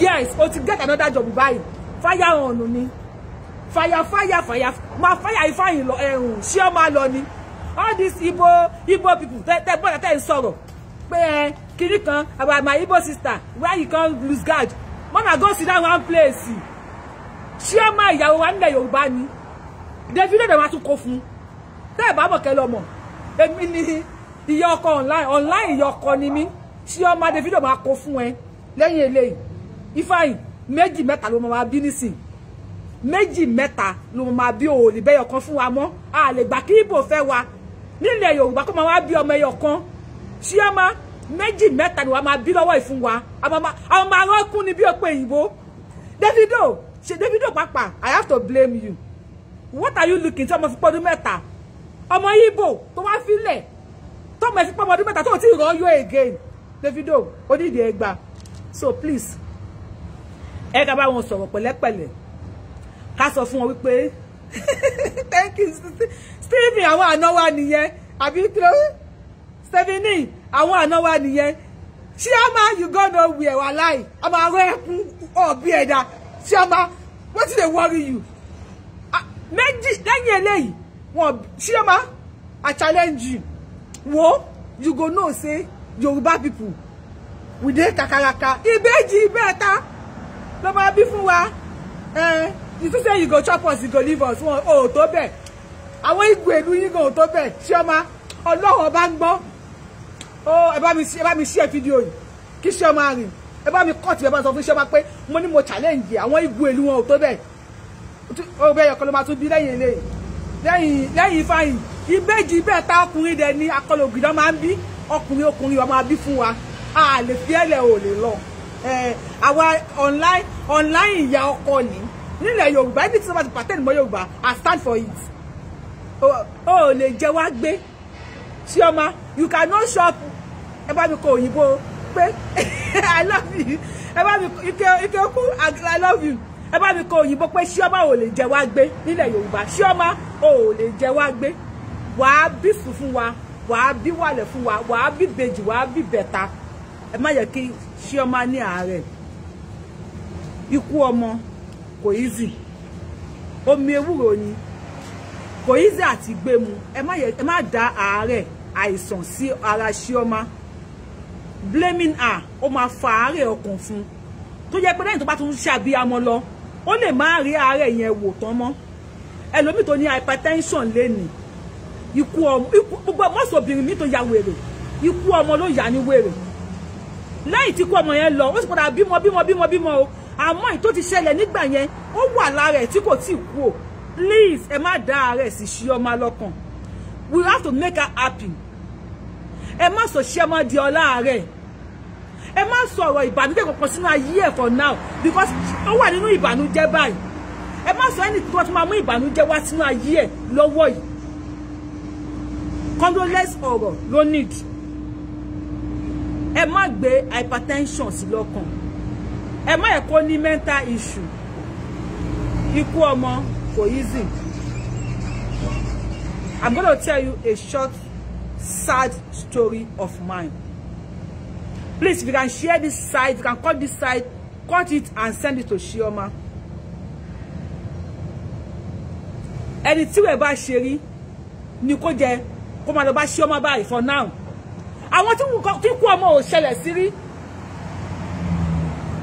yes o ti get another job báyìí fire on ni fire fire fire ma fire ifeanyi lọ ẹrùn ṣé ọ máa lọ ni all these Igbo Igbo people tẹ tẹ bọ́dà tẹ ń sọ̀rọ̀ pé ẹ kiri kan about my Igbo sister where you come lose guard mama go sit down one place ṣíọ́mà ìyàwó wa nílẹ̀ yorùbá ni davido dẹ̀ máa tún kó fún un tẹ́ ẹ̀ bá mọ̀ kẹ́ lọ mọ̀ èmi ni ìyá ọkọ online online ìyá ọkọ ni mí ṣíọ́mà davido máa kó fún ẹ lẹ́yìn eléyìí ifeanyi méjì mẹ́ta ló máa bí nísìn méjì mẹ́ta ló máa bí òòlì bẹ́yọ̀ kan fún wa mọ́ a lè gbà kí ibo fẹ́ wa nílẹ̀ yorùbá kó máa wá bí ọmọ ẹyọ kan ṣíọ́mà méjì mẹ́ta ni wàá máa bí lọ́wọ́ ìfún wa àwọn máa rọ́ọ̀kún ni bí ọ̀pọ̀ òyìnbó davido ṣe Davido pàápàá i have to blame you what are you looking tí ọmọ fi pọ́ ọdún mẹ́ta ọmọ Igbo tó wá fílẹ̀ tọmọ ẹ fi pọ́ ọmọ ọdún mẹ́ta tó ti rán yóò again Davido onídìí ẹgbà so please ẹ ká bá wọn sọ̀rọ̀ pẹ̀lẹ́pẹ̀lẹ́ ká sọ fún wọn wípé thank you stephen àwọn àna wa nìyẹn àbí kí ló stephanie àwọn àna wa nìyẹn ṣé you go nowhere wà láì a máa rọ ẹkún ọ̀bí ẹ̀dá ṣé What did they worry you ah, méjì lẹ́yìn eléyìí wọn ṣíọ́mà i challenge you wo you go know say Yorùbá people we dey kakaraka ìbejì ìbẹ́ta ló máa bí fún wa eh, you too say you go chop us you go leave us wọn ò oh, tó bẹ́ẹ̀ àwọn ìgbò ìlú yín gan ò tó bẹ́ẹ̀ ṣíọ́mà ọlọ́run ọba ń gbọ́ oh, ẹ bá mi ṣe fídíò yìí kí ṣíọ́mà rìn ẹ bá mi kọ́ọ̀tì ẹ bá sọ fún iṣẹ́ máa pé mo ní mo challenge àwọn ìgbù èlú wọn ò tó bẹ́ẹ̀ ọgbẹ́ ẹ̀yọ̀kan ló máa tún bí lẹ́yìn eléyìí lẹ́yìn lẹ́yìn Ifeanyi ìbejì bẹ́ẹ̀ ta ọkùnrin dẹ̀ ni akọlọ ògìdán máa ń bí ọkùnrin ọkùnrin wa máa bí fún wa a lè fi ẹ̀lẹ̀ ò lè lọ àwa online online ìyá ọkọ ni nílẹ̀ Yorùbá ibi tí wọ́n bá ti pàtẹ́ẹ̀nì mọ́ Yorùbá I stand for it o ò lè jẹ́ wá gbé ṣé ọmọ you cannot shop ẹ bá mi kọ òyìnbó pé i love you ẹ bá mi ike ike kú i love you ẹ bá mi kọ òyìnbó pé ṣíọ́mà ò lè jẹ́ wá gbé nílẹ̀ yorùbá ṣíọ́mà ò lè jẹ́ wá gbé wàá bí sùn fún wa wàá bí wàlẹ̀ fún wa wàá bí bèjì wàá bí bẹ̀ta ẹ má yẹ kí ṣíọ́mà ní àárẹ̀ ikú ọmọ kò easy omi ewúro ni kò easy àti gbé mu ẹ má dá àárẹ̀ àìsàn sí ara ṣíọ́mà. Si blaming her ó máa fa àárẹ̀ ọkàn fún un tó jẹ́ pé lẹ́yìn tó bá tún ṣàbí amọ lọ ó lè má rí àárẹ̀ yẹn wò tán mọ́ ẹlòmíì tó ní hypertension lẹ́nì ikú ọmọ ikú gbogbo mọ́sọ̀bìnrin mi tó ya wèrè ikú ọmọ ló yà ní wèrè lẹ́yìn tí ikú ọmọ yẹn lọ ó sì padà bímọ bímọ bímọ bímọ o àmọ́ èyí tó ti ṣẹlẹ̀ nígbà yẹn ó wà lára ẹ̀ tí kò tí ì kú o please ẹ má dá àárẹ̀ sí ṣí ọmọ lọ́kàn we have to make her happy ẹ má sọ ṣẹ́ mọ́ di ọlá àárẹ̀ ẹ má sọ ọ̀rọ̀ ìbànújẹ́ kankan sínú ayé ẹ̀ for now because ó wà nínú ìbànújẹ́ báyìí ẹ má sọ ẹni tó máa mú ìbànújẹ́ wá sínú ayé ẹ̀ lọ́wọ́ yìí condolence ọ̀rọ̀ ló need ẹ má gbé hypertension sí lọ́kàn ẹ má yẹ kó ní mental issue ikú ọmọ kò easy I'm gonna tell you a short sad story of mine. Please, if you can share this side, if you can cut this side, cut it and send it to Chioma. Ẹni tí wẹ̀ bá ṣe rí ni kó jẹ kó máa lọ bá for now. I want you to keep ò ṣẹlẹ̀ sí rí.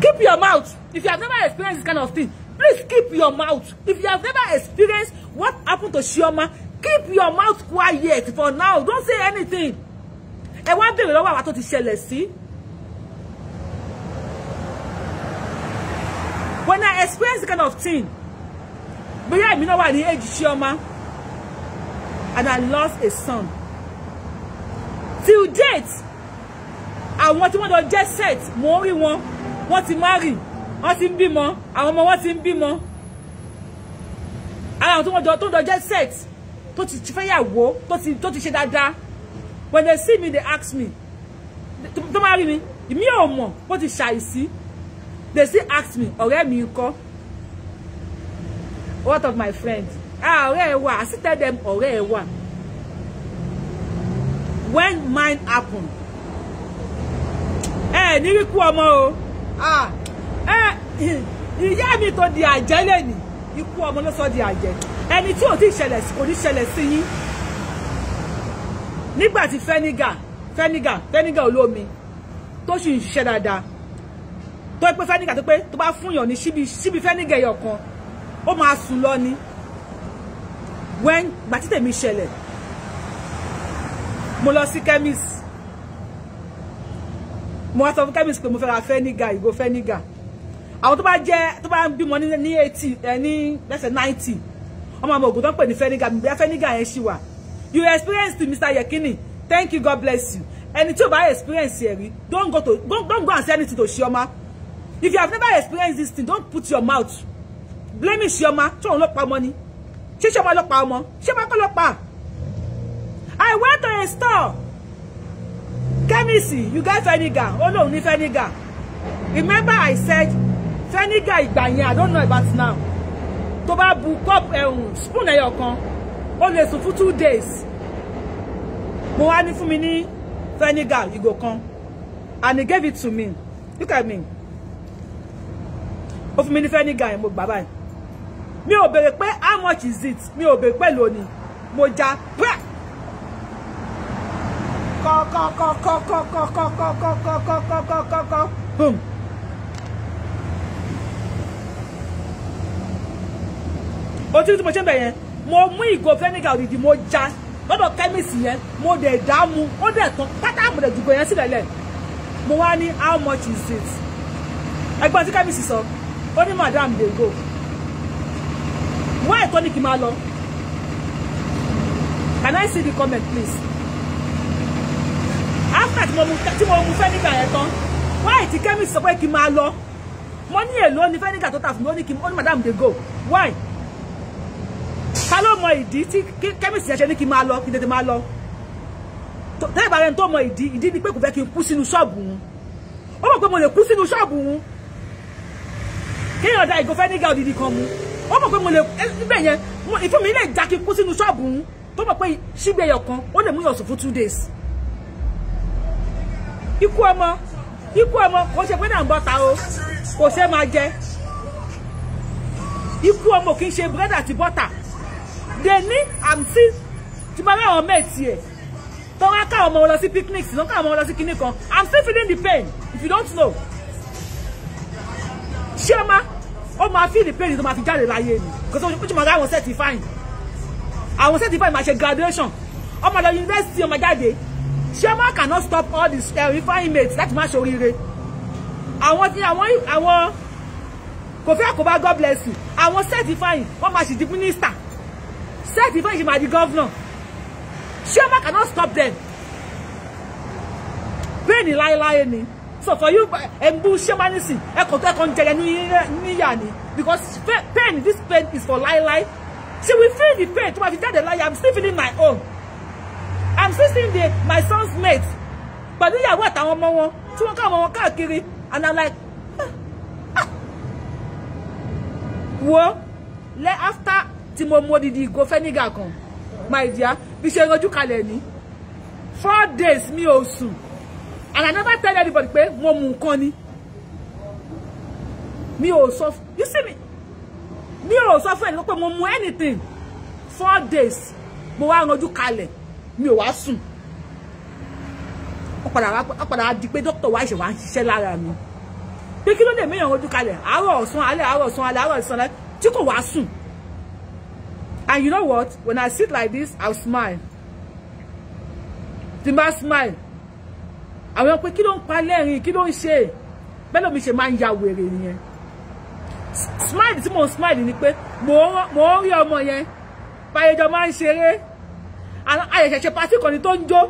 Keep your mouth. If you have never experienced this kind of thing, please keep your mouth. If you have never experienced what happened to Chioma, keep your mouth quiet for now. Don't say anything. And one thing we bèrè lọ́wọ́ àwa tó ti ṣẹlẹ̀ see. when I experience this kind of thing, but yeah, you know what? The age Chioma and I lost a son. Till date, I want wọ́n lọ just set, mo rí wọn, wọ́n ti marry, be, ti I want àwọn want wọn be, ń I want tí wọ́n tó lọ just set, tó ti fẹ́yàwó, tó ti that da? When they see me, they ask me, tó marry me. Me or ò What bó shy see? they still ask me ọ̀rẹ́ mi ńkọ́ what of my friends? ah ọ̀rẹ́ ẹ I still tell them ọ̀rẹ́ ẹ when mine happen ẹ ní rí kú ọmọ o ah ẹ ìyá mi tó di àjẹ́ lẹ́nìí ikú ọmọ ló sọ di àjẹ́ ẹni tí ò ti ṣẹlẹ̀ sí kò ní ṣẹlẹ̀ sí yín nígbà tí fẹ́nìgà fẹ́nìgà fẹ́nìgà olómi tó sì ń ṣiṣẹ́ dáadáa tó pé fẹ́ nígbà tó pé tó bá fún yàn ní síbi fẹ́ nígẹ̀ yọ̀ kan ó máa sùn lọ ni when gbà tí ṣẹlẹ̀ mo lọ sí chemist mo wá sọ fún chemist pé mo fẹ́ ra fẹ́ nígà ìgò fẹ́ nígà àwọn tó bá jẹ́ tó bá ń bímọ ní eighty ní lẹ́sẹ̀ ninety ọmọ àmọ ògùn tó ń pè ní fẹ́ nígà bíi fẹ́ nígà yẹn ṣì wà you experience to Mr. Yekini thank you God bless you ẹni tí o bá experience ẹ̀ rí don't go to don't go and say anything to Chioma If you have never experienced this thing, don't put your mouth. Blame it, Shioma. Tó ló pa money. ni. she Shioma ló pa ọmọ. Shioma kọ́ ló pa. I went to a store. Chemist, you get vinegar. Oh no, ni vinegar. Remember I said, vinegar ìgbà yẹn, I don't know about now. Tó bá bu cup, um, spoon ẹyọ kan. Only lè for two days. Mo wá ní fún mi ní vinegar, go come. And he gave it to me. Look at me ó fún mi ní fẹ́ni gan yẹn mo gbà báyìí mi ò béèrè pé how much is it mi ò béèrè pẹ̀lú òní mo já pẹ́ kọ́kọ́kọ́kọ́kọ́kọ́kọ́kọ́kọ́kọ́kọ́kọ́kọ́ boom. o ti rí tí mo ṣe ń bẹ̀ yẹn mo mú ìgò fẹ́nìgà òdìdí mo já lọ́dọ̀ kẹ́míìsì yẹn mo dẹ̀ damu. mu ó dẹ̀ tán pátá mo dẹ̀ dùgbò yẹn sílẹ̀ lẹ̀ mo wá ní how much is it ẹgbẹ́ tí kẹ́míìsì sọ. So ó ní madam dey go wọ́n ẹ̀kọ́ ní kí n máa lọ can I see the comment please after tí mo mu fẹ́nìkà yẹn tán wọ́n ẹ̀ tí kẹ́mi sọ pé kí n máa lọ mo ní èlò ní fẹ́nìkà tó ta fún mi ó ní madam dey go why ta ló mọ ìdí tí kẹ́míìsì yẹn ṣe ní kí n máa lọ kí n tètè máa lọ tẹ́lẹ̀ bá rẹ̀ tó mọ ìdí ìdí ni pé kò fẹ́ kí n kú sínú ṣọ́ọ̀bù wọn ó mọ̀ pé mo lè kú sínú ṣọ́ọ̀bù wọn kéèyàn da ìgò fẹ́ nígà òdìdí kan mu ó mọ̀ pé mo lè níbẹ̀ yẹn ìfún mi lè já kú sínú ṣọ́ọ̀bù ń tó mọ̀ pé ṣígbẹ̀yọ̀ kan ó lè mú yàn sùn fún two days. ikú ọmọ ikú ọmọ kò ṣe pé náà ń bọ́ta o kò ṣe máa jẹ ikú ọmọ kì í ṣe búrẹ́dì àti bọ́tà dèní àǹtí tí mo láwọn mẹ́ẹ̀tì ẹ̀ tó wá káwọn ọmọ wọn lọ sí picnic tó káwọn ọmọ wọn lọ sí kinní kan I'm still feeling the pain if you don't know. ṣé máa ó máa fíìlì péèrè tó máa fi jáde láyé ni kò tó ojú màá àwọn certifying àwọn certifying máa ṣe graduation ọmọ lọ yunifásitì ọmọ jáde ṣẹ́mọ́ cannot stop all the eh, refined mates láti má ṣoríire àwọn tí àwọn àwọn kò fẹ́ àkóbá God bless you àwọn certifying wọ́n máa ṣì di minister certifying ṣì máa di governor ṣẹ́mọ́ cannot stop them bẹ́ẹ̀ ni láéláé ni so for you ẹ̀ǹbù shamanism ẹ̀kọ́ tó ẹ̀kọ́ ń jẹyẹ níyà ni because pain this pain is for lie, lie. she will feel the pain tó bá fi jáde láyé i'm still feeling my own i'm still seeing the my son's mate but pẹ̀lú ìyàwó àtàwọn ọmọ wọn tí wọ́n káwọn wọn káàkiri and i'm like ah, ah. wo lẹ after tí mo mọ didi ìgò fẹ́nìgà kan my dear bí ṣe rojú kalẹ̀ ní four days mi ò sùn and I never tell anybody pé mo mu nǹkan ni mi ò sọ you see me mi ò sọ fún ẹnìkan pé mo mu anything four days mo wá ranjú kalẹ̀ mi ò wá sùn ó padà wá padà di pé doctor wá ṣe wá ń ṣiṣẹ́ lára mi pé kí ló lè méyàn ranjú kalẹ̀ àárọ̀ ọ̀sán alẹ́ àárọ̀ ọ̀sán alẹ́ àárọ̀ ọ̀sán alẹ́ tí kò and you know what when I sit like this I smile The man smile àwọn pé kí ló ń pa lẹ́rìn kí ló ń ṣe bẹ́ẹ̀ mi ṣe máa ń ya wèrè nìyẹn smile tí mò ń smile ni pé mò ń rí ọmọ yẹn payẹjọ máa ń ṣeré ayẹ̀ṣẹ̀ṣẹ̀ pàtí kan ni tó ń jó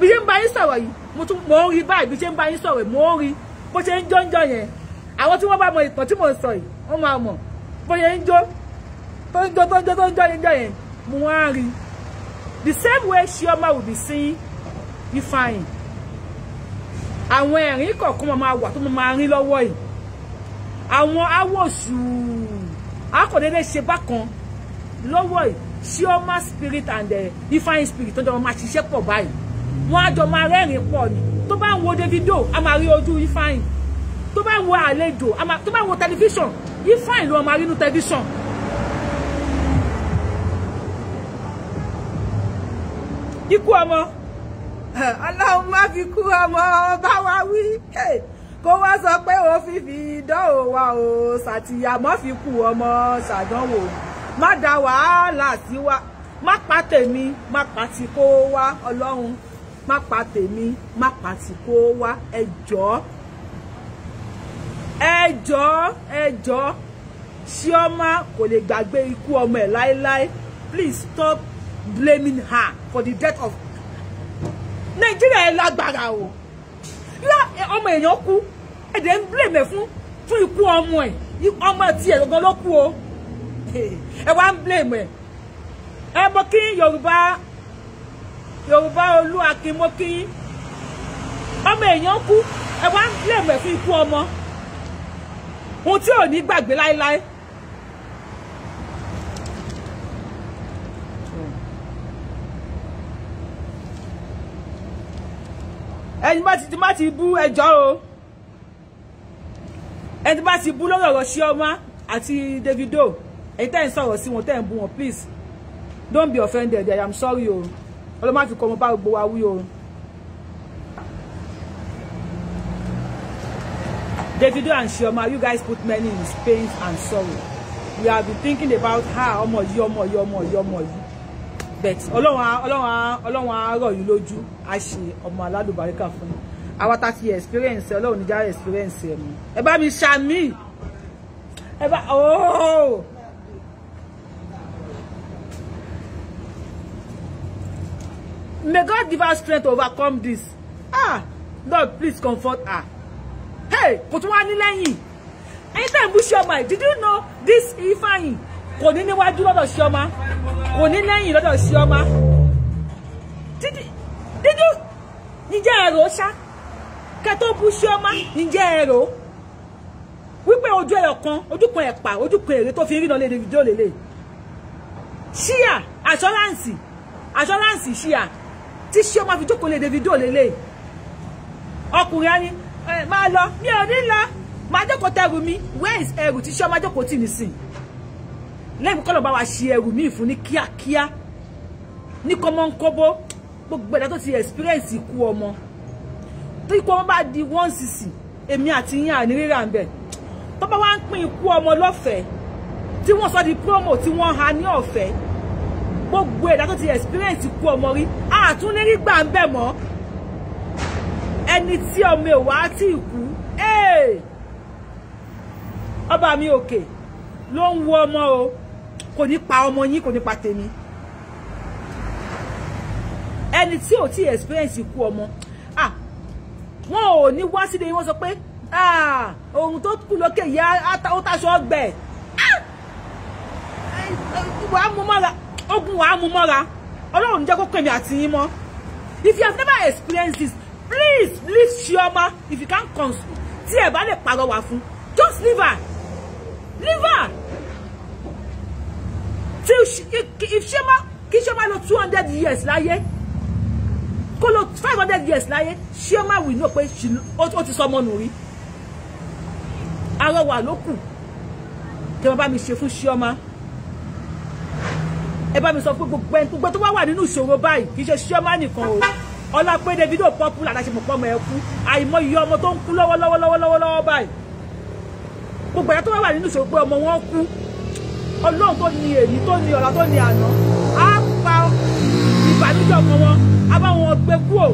bí ṣe ń bá yín sọ̀rọ̀ yìí mo tún mò ń rí báyìí bí ṣe ń bá yín sọ̀rọ̀ mò ń rí bó ṣe ń jó ń jọ yẹn àwọn tí wọ́n bá mọ ìtàn tí mò ń sọ yìí wọ́n máa mọ̀ bó ṣe ń jó tó ń jó tó ń jó tó ń jó níjọ yẹn mo wá rí the same way Chioma will be seeing Ifeanyi àwọn ẹ̀rín kọ̀ọ̀kan máa wà tó máa rí lọ́wọ́ yìí àwọn awòsù akọ̀dédé ṣe bákan lọ́wọ́ yìí Chioma spirit and eh, Ifeanyi spirit tó jọ máa ṣiṣẹ́ pọ̀ báyìí wọ́n á jọ máa rẹ́rìn pọ̀ ni tó bá ń wo Davido a máa rí ojú Ifeanyi tó bá ń wo àlejò tó bá ń wo tẹlifíṣàn Ifeanyi ló máa rí inú tẹlifíṣàn. ikú ọmọ ọlọ́run má fi kú ọmọ ọba wa wí kó wá sọ pé òun fífi dánwò wa o ṣàtìyàmọ́ fi kú ọmọ ṣàdánwò má da wàhálà sí wa má pa tèmi má pa ti kó wá ọlọ́run má pa tèmi má pa ti kó wá ẹ jọ̀ọ́ ẹ Chioma kò lè gbàgbé ikú ọmọ ẹ̀ láéláé please stop blaming her for the death of nàìjíríà ẹ lágbára o ọmọ èèyàn kú ẹ̀dẹ̀ ń blame ẹ̀ fún fún ikú ọmọ ẹ̀ ọmọ tiẹ̀ gangan ló kú o ẹ wá ń blame ẹ̀ ẹ mọ kí yorùbá yorùbá olú akin mọ kí ọmọ èèyàn kú ẹ wá ń blame ẹ̀ fún ikú ọmọ ohun tí ò ní gbàgbé láéláé. ẹni bá ti má ti bú ẹjọ́ o ẹni bá ti bú lọ́rọ̀ ọ̀rọ̀ Chioma àti Davido èyí tẹ́ ń sọ̀rọ̀ sí wọn tẹ́ ń bú wọn please don't be offended I am sorry o ọlọ́mọ àfi kọ́ ọmọ bá gbogbo wa wí o. Davido and Chioma you guys put many in pain and sorrow we have been thinking about how ọmọ yìí ọmọ yìí ọmọ yìí ọmọ yìí bet ọlọ́run ọlọ́run ọlọ́run àárọ̀ yìí lójú á ṣe ọmọ aládùbáríkà fún mi àwa ta ti experience ọlọ́run níjà experience ẹ̀ mi ẹ bá mi ṣàmì ẹ bá ooo. May God give her strength to overcome this. Ah, God, please comfort her. Hey, kò tún wá ní lẹ́yìn. Anytime we your mind. did you know this Ifeanyi? kò ní níwájú lọ́dọ̀ sí ọmọ kò ní lẹ́yìn lọ́dọ̀ sí ọmọ dídú níjẹ́ ẹ̀rọ ṣá kẹtó bú sí ọmọ níjẹ́ ẹ̀rọ wípé ojú ẹ̀yọ̀ kan ẹ̀pà ojú èrè tó fi rí lọ́lẹ̀ fídíò lélẹ̀ ṣíà assurance assurance ṣíà tí ṣé ọmọ fi jókòó lè Davido lélẹ̀ ọkùnrin á máa lọ mi ò ní lọ máa jókòó tẹrù mi where is ẹrù tí ṣé ọmọ jókòó tì nísìnyí láì kọ́ lọ bá wa ṣe ẹrù míì fún ní kíákíá ní kọ́mọ́nkọ́bọ́ gbogbo ẹ̀dá tó ti experience ikú ọmọ tó ikú ọmọ bá di one sixty èmi àti yín àní rírà ń bẹ̀ tó bá wá ń pín ikú ọmọ lọ́fẹ̀ẹ́ tí wọ́n sọ di promo tí wọ́n ha ní ọ̀fẹ́ gbogbo ẹ̀dá tó ti experience ikú ọmọ rí àtúndérí gbà ń bẹ̀ mọ́ ẹni tí ọmọ ẹ̀ wá tí ikú ọba mi òkè ló ń wo ọmọ o kò ní pa ọmọ yín kò ní pa tèmi ẹni tí ò tí experience ikú ọmọ ah wọn ò ní wá sílé wọn sọ pé ah ohun tó kù lókè yìí ó taṣọ ọgbẹ ah! ogun wàá mú mọ́ra ọlọ́run jẹ́ kó kẹ́mi àti yín mọ́ if you have never experienced this please leave Chioma if you can't console tí ẹ bá lè pàrọwà fún just leave her leave her tí ìṣẹ́má if ṣẹ́má lọ two hundred years láyé kó lọ five hundred years láyé ṣẹ́má wì náà pé ó ti sọ ọmọ nù Aro wa ló kù kí wọ́n bá mi ṣe fún ṣẹ́má ẹ bá mi sọ fún gbogbo ẹni gbogbo tó wá wà nínú ìṣòro báyìí kì í ṣe ṣẹ́má nìkan o ọlá pé Davido popular láti mọ̀ pọ́ ọmọ ẹ kú àìmọye ọmọ tó ń kú lọ́wọ́lọ́wọ́lọ́wọ́ báyìí gbogbo ẹ̀yà wa wà nínú ìṣòro pé ọmọ wọn kú ọlọ́run tó ní èyí tó ní ọ̀la tó ní àná á pa ìbànújẹ́ ọkàn wọn á bá wọn gbé kúò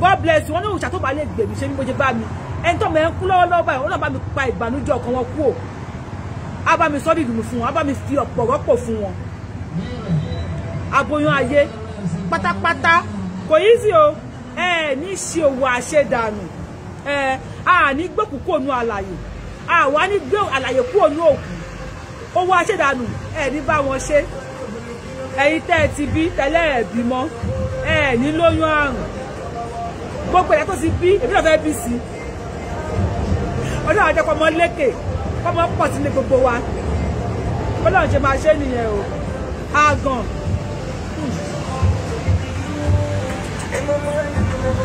god bless wọn ní òòṣà tó bá lè gbèmí ṣe bí mo ṣe bá mi ẹni tó mẹ́rin kú lọ́wọ́lọ́wọ́ báyìí wọn náà bá mi pa ìbànújẹ́ ọkàn wọn kúò á bá mi sọ́dí ìdùnnú fún wọn á bá mi fi ọ̀pọ̀ rọ́pò fún wọn aboyún ayé pátápátá kò yí sí o ẹ ní ṣe òwò àṣedànù ẹ àní gbókùnkùn ònú àlàyé àwa ní gbé àlàyé kúrò ní òkú owó aṣèdànù ẹ ní bá wọn ṣe ẹ̀yin tẹ́ ẹ ti bí tẹ́lẹ̀ ẹ bímọ ẹ ní lóyún àrùn gbogbo ẹ tó ti bí èmi náà fẹ́ bí sí Ọlọ́run jẹ́ kọ́mọ lékè kọ́mọ pọ̀ sí ní gbogbo wa Ọlọ́run ṣe máa ṣe nìyẹn o àgàn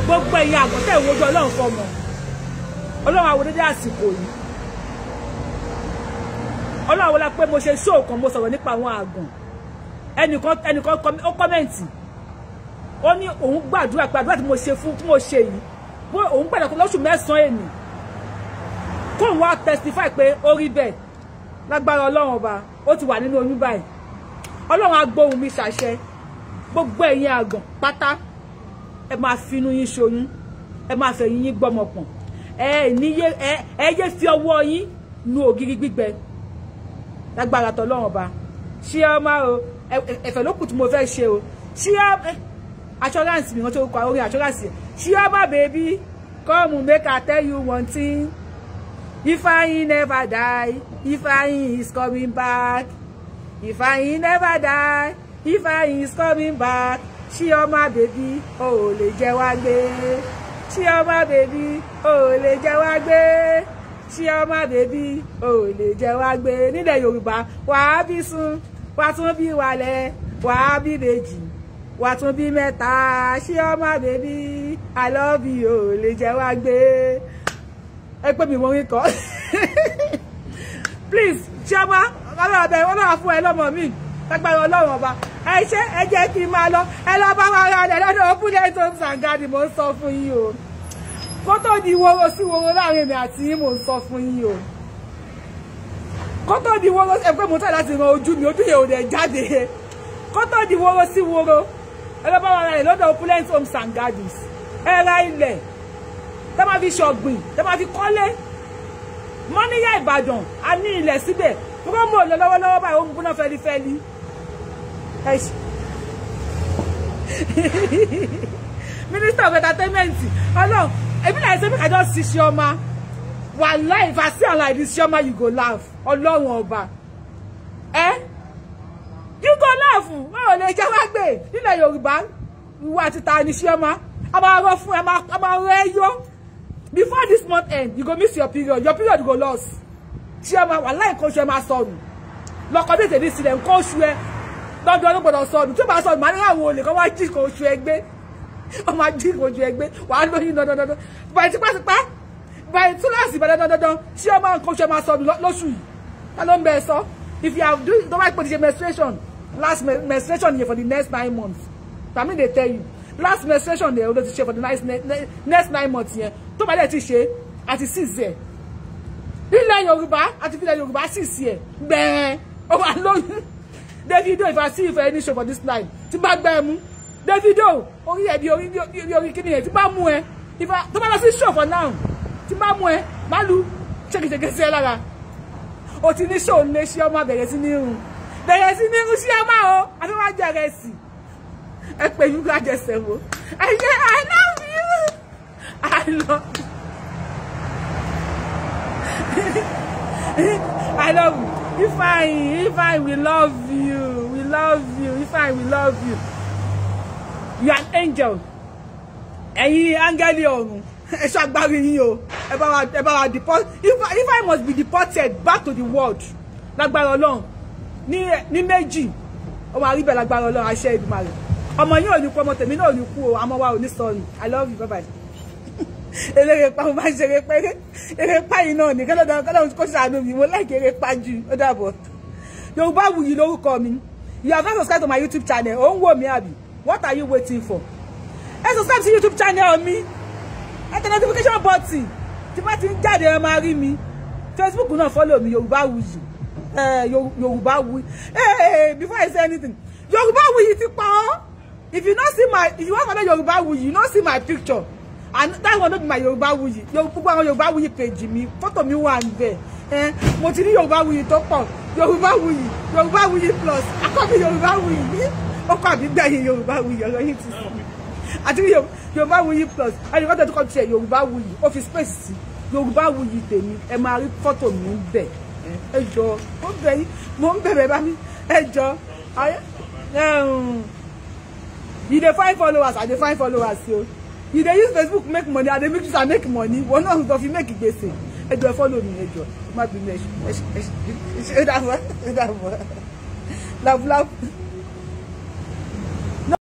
gbogbo ẹ̀yin àgàn tẹ́ ìwojú Ọlọ́run fọmọ Ọlọ́run àwòdédé àsìkò yìí ọlọ́run wọlá pé mo ṣe ṣóò kan mo sọ̀rọ̀ nípa àwọn àgàn ẹnìkan ẹnìkan ó kọ́mẹ̀ǹtì ó ní òun gbàdúrà pé àdúrà tí mo ṣe fún tí mo ṣe yìí bó òun gbàdúrà lóṣù mẹ́sàn-án èmi kóun wá testify pé ó rí bẹ́ẹ̀ lágbára ọlọ́run ọba ó ti wà nínú oyún báyìí ọlọ́run agbóhùn mi ṣàṣẹ gbogbo ẹ̀yin àgàn pátá ẹ máa finú yín ṣoyún ẹ máa fẹ̀yìn yín gbọ́mọpọ̀n ẹ níyé ẹ ẹ yé fi ọwọ́ yín nu ògiri gbígbẹ lágbára tọlọ́run ọba ṣé ọmọ o ẹ̀fẹ̀ ló kù tí mo fẹ́ ṣe o ṣé assurance mi wọ́n tó kọ orí assurance ṣé ọmọ bèbí come make I tell you one thing Ifeanyi never die Ifeanyi is coming back Ifeanyi never die Ifeanyi is coming back Chioma baby o ò lè jẹ́ wá gbé Chioma baby o ò lè jẹ́ wá gbé. Chioma bèbí ò lè jẹ́ wá gbé nílẹ̀ Yorùbá wàá bí sun wàá tún bí walẹ̀ wàá bí bèjì wàá tún bí mẹ́ta Chioma bèbí I love you ò lè jẹ́ wá gbé ẹ pé mi wọ́n rí kọ́ please Chioma ọlọ́run ọbẹ̀ wọn náà fún ẹ lọ́mọ mi lágbára ọlọ́run ọba ẹ ṣe ẹ jẹ́ kí n máa lọ ẹ lọ́ bá wa ra ọ̀dẹ̀ lọ́dọ̀ ó búlẹ̀ tó ń sàǹgá ni ń sọ fún yín o kó tó di woro sí woro láàrin èmi àti yín mò ń sọ fún yín o kó tó di woro ẹ pé mo tẹ̀ láti ran ojú mi ojú yẹn ò dẹ̀ jáde kó tó di woro sí woro ẹ lọ bá wa ra ẹ lọ́dọ̀ opulent homes and gardens ẹ ra ilẹ̀ tẹ́ máa fi ṣọ̀gbìn tẹ́ máa fi kọ́lé mọ́níyà ìbàdàn a ní ilẹ̀ síbẹ̀ promo lọ lọ́wọ́lọ́wọ́ báyìí ó ń gbóná fẹlifẹli minister of ọlọ́run e be like say make i don't see Chioma While life i see her like this Chioma you go laugh Ọlọ́run over. eh you go laugh Oh, they le je wa gbe nílẹ̀ Yorùbá ìwọ àti ta ni Chioma a I'm ro fún ẹ I'm a ma ro eyo before this month end you go miss your period your period go lost Chioma wallahi ko Chioma sọnù lọ́kọ tètè ní sílẹ̀ nǹkan call ẹ lọ́dún ọdún gbọ́dọ̀ sọnù tí son. bá sọnù màá ní àwọn olè kan wá jí nǹkan oṣù ẹ gbé wọ́n máa dín ojú ẹgbẹ́ wàá lóyún dandandandan bàyìí tipátipá bàyìí túláàsì bẹ̀rẹ̀ dandandandan tí ọmọ nǹkan oṣù ẹ máa sọ lóṣù yìí ta ló ń bẹ sọ if you have do the right position menstruation last menstruation here for the next nine months tàmí dey tell you last menstruation yẹn o lè ti ṣe for the next next nine months yẹn tó bá dẹ̀ ti ṣe àti six yẹn nílẹ̀ yorùbá àti nílẹ̀ yorùbá six yẹn gbẹ̀ẹ́ ó wà lóyún do if I see you for any show for this line tí bá gbẹ́ mú Davido orí ẹ̀ bí orí bí orí kíni ẹ̀ tí bá mú ẹ ìfà tó bá lọ sí show for now tí bá mú ẹ má lu ṣèkìṣèkì sí ẹ lára o ti ní show lé ṣé ọmọ bẹ̀rẹ̀ sí ní irun bẹ̀rẹ̀ sí ní irun ṣé ọmọ o àti wọn jẹ rẹ sí ẹ pè yín kó àjẹsẹ̀ wo ẹ yẹ I love you I love you. I love you. Ifeanyi, Ifeanyi, we love you. We love you. Ifeanyi, we love you you are an angel ẹ̀yin áńgẹ́lì ọ̀run ẹ ṣàgbárí yín o ẹ bá deport if if I must be deported back to the world lágbára ọlọ́run ní ní méjì ọmọ àríbẹ̀ lágbára ọlọ́run àṣẹ ìdùnmọ̀ rẹ̀ ọmọ yín ò ní kú ọmọ tèmi náà ò ní kú o àmọ́ wa ò ní sọnù I love you bye bye elérepa mo máa ń ṣe erépa erépa yìí náà ní kọ́lọ́dọ̀ kọ́lọ́dọ̀ kó ṣàánú mi mo láìkí erépa jù ó dàbọ̀ Yorùbá wuyì lórúkọ mi you have not subscribed to my YouTube channel ó ń wò mí àbí What are you waiting for? Ẹ subscribe to YouTube channel me. Ẹ the notification button. Tí bá ti ń jáde ẹ máa rí mi. Facebook náà follow mi Yorubawuyi. Yorubawuyi. Hey, before I say anything, Yorubawuyi ti pa ọ́. If you not see my, if you want to know Yorubawuyi, you not see my picture. And that one not be my Yorubawuyi. Gbogbo àwọn Yorubawuyi page me. mi, fọ́tò mi wà níbẹ̀. Mo ti ní Yorubawuyi tó pọ̀. Yorubawuyi, Yorubawuyi plus, I akọ́bí Yorubawuyi ọkọ àbígbẹ̀yìn yorùbá wuyì ọ̀rọ̀ yìí ti sọ àti yorùbá wuyì plus ẹnìkọ́tọ̀ tó kọ́ tiẹ̀ yorùbá wuyì ó fi space sí yorùbá wuyì tèmi ẹ máa rí fọ́tò mi ń bẹ̀ ẹ jọ mo ń bẹ̀ yín mo ń bẹ̀rẹ̀ bá mi ẹ jọ you dey find followers i dey find followers o you dey use facebook make money i dey make use am make money wọn náà tó fi make gbèsè ẹ jọ follow mi ẹ jọ má bínú ẹ ṣe ẹ ṣe ẹ dàbọ̀ ẹ dàbọ̀ làbúlàbù.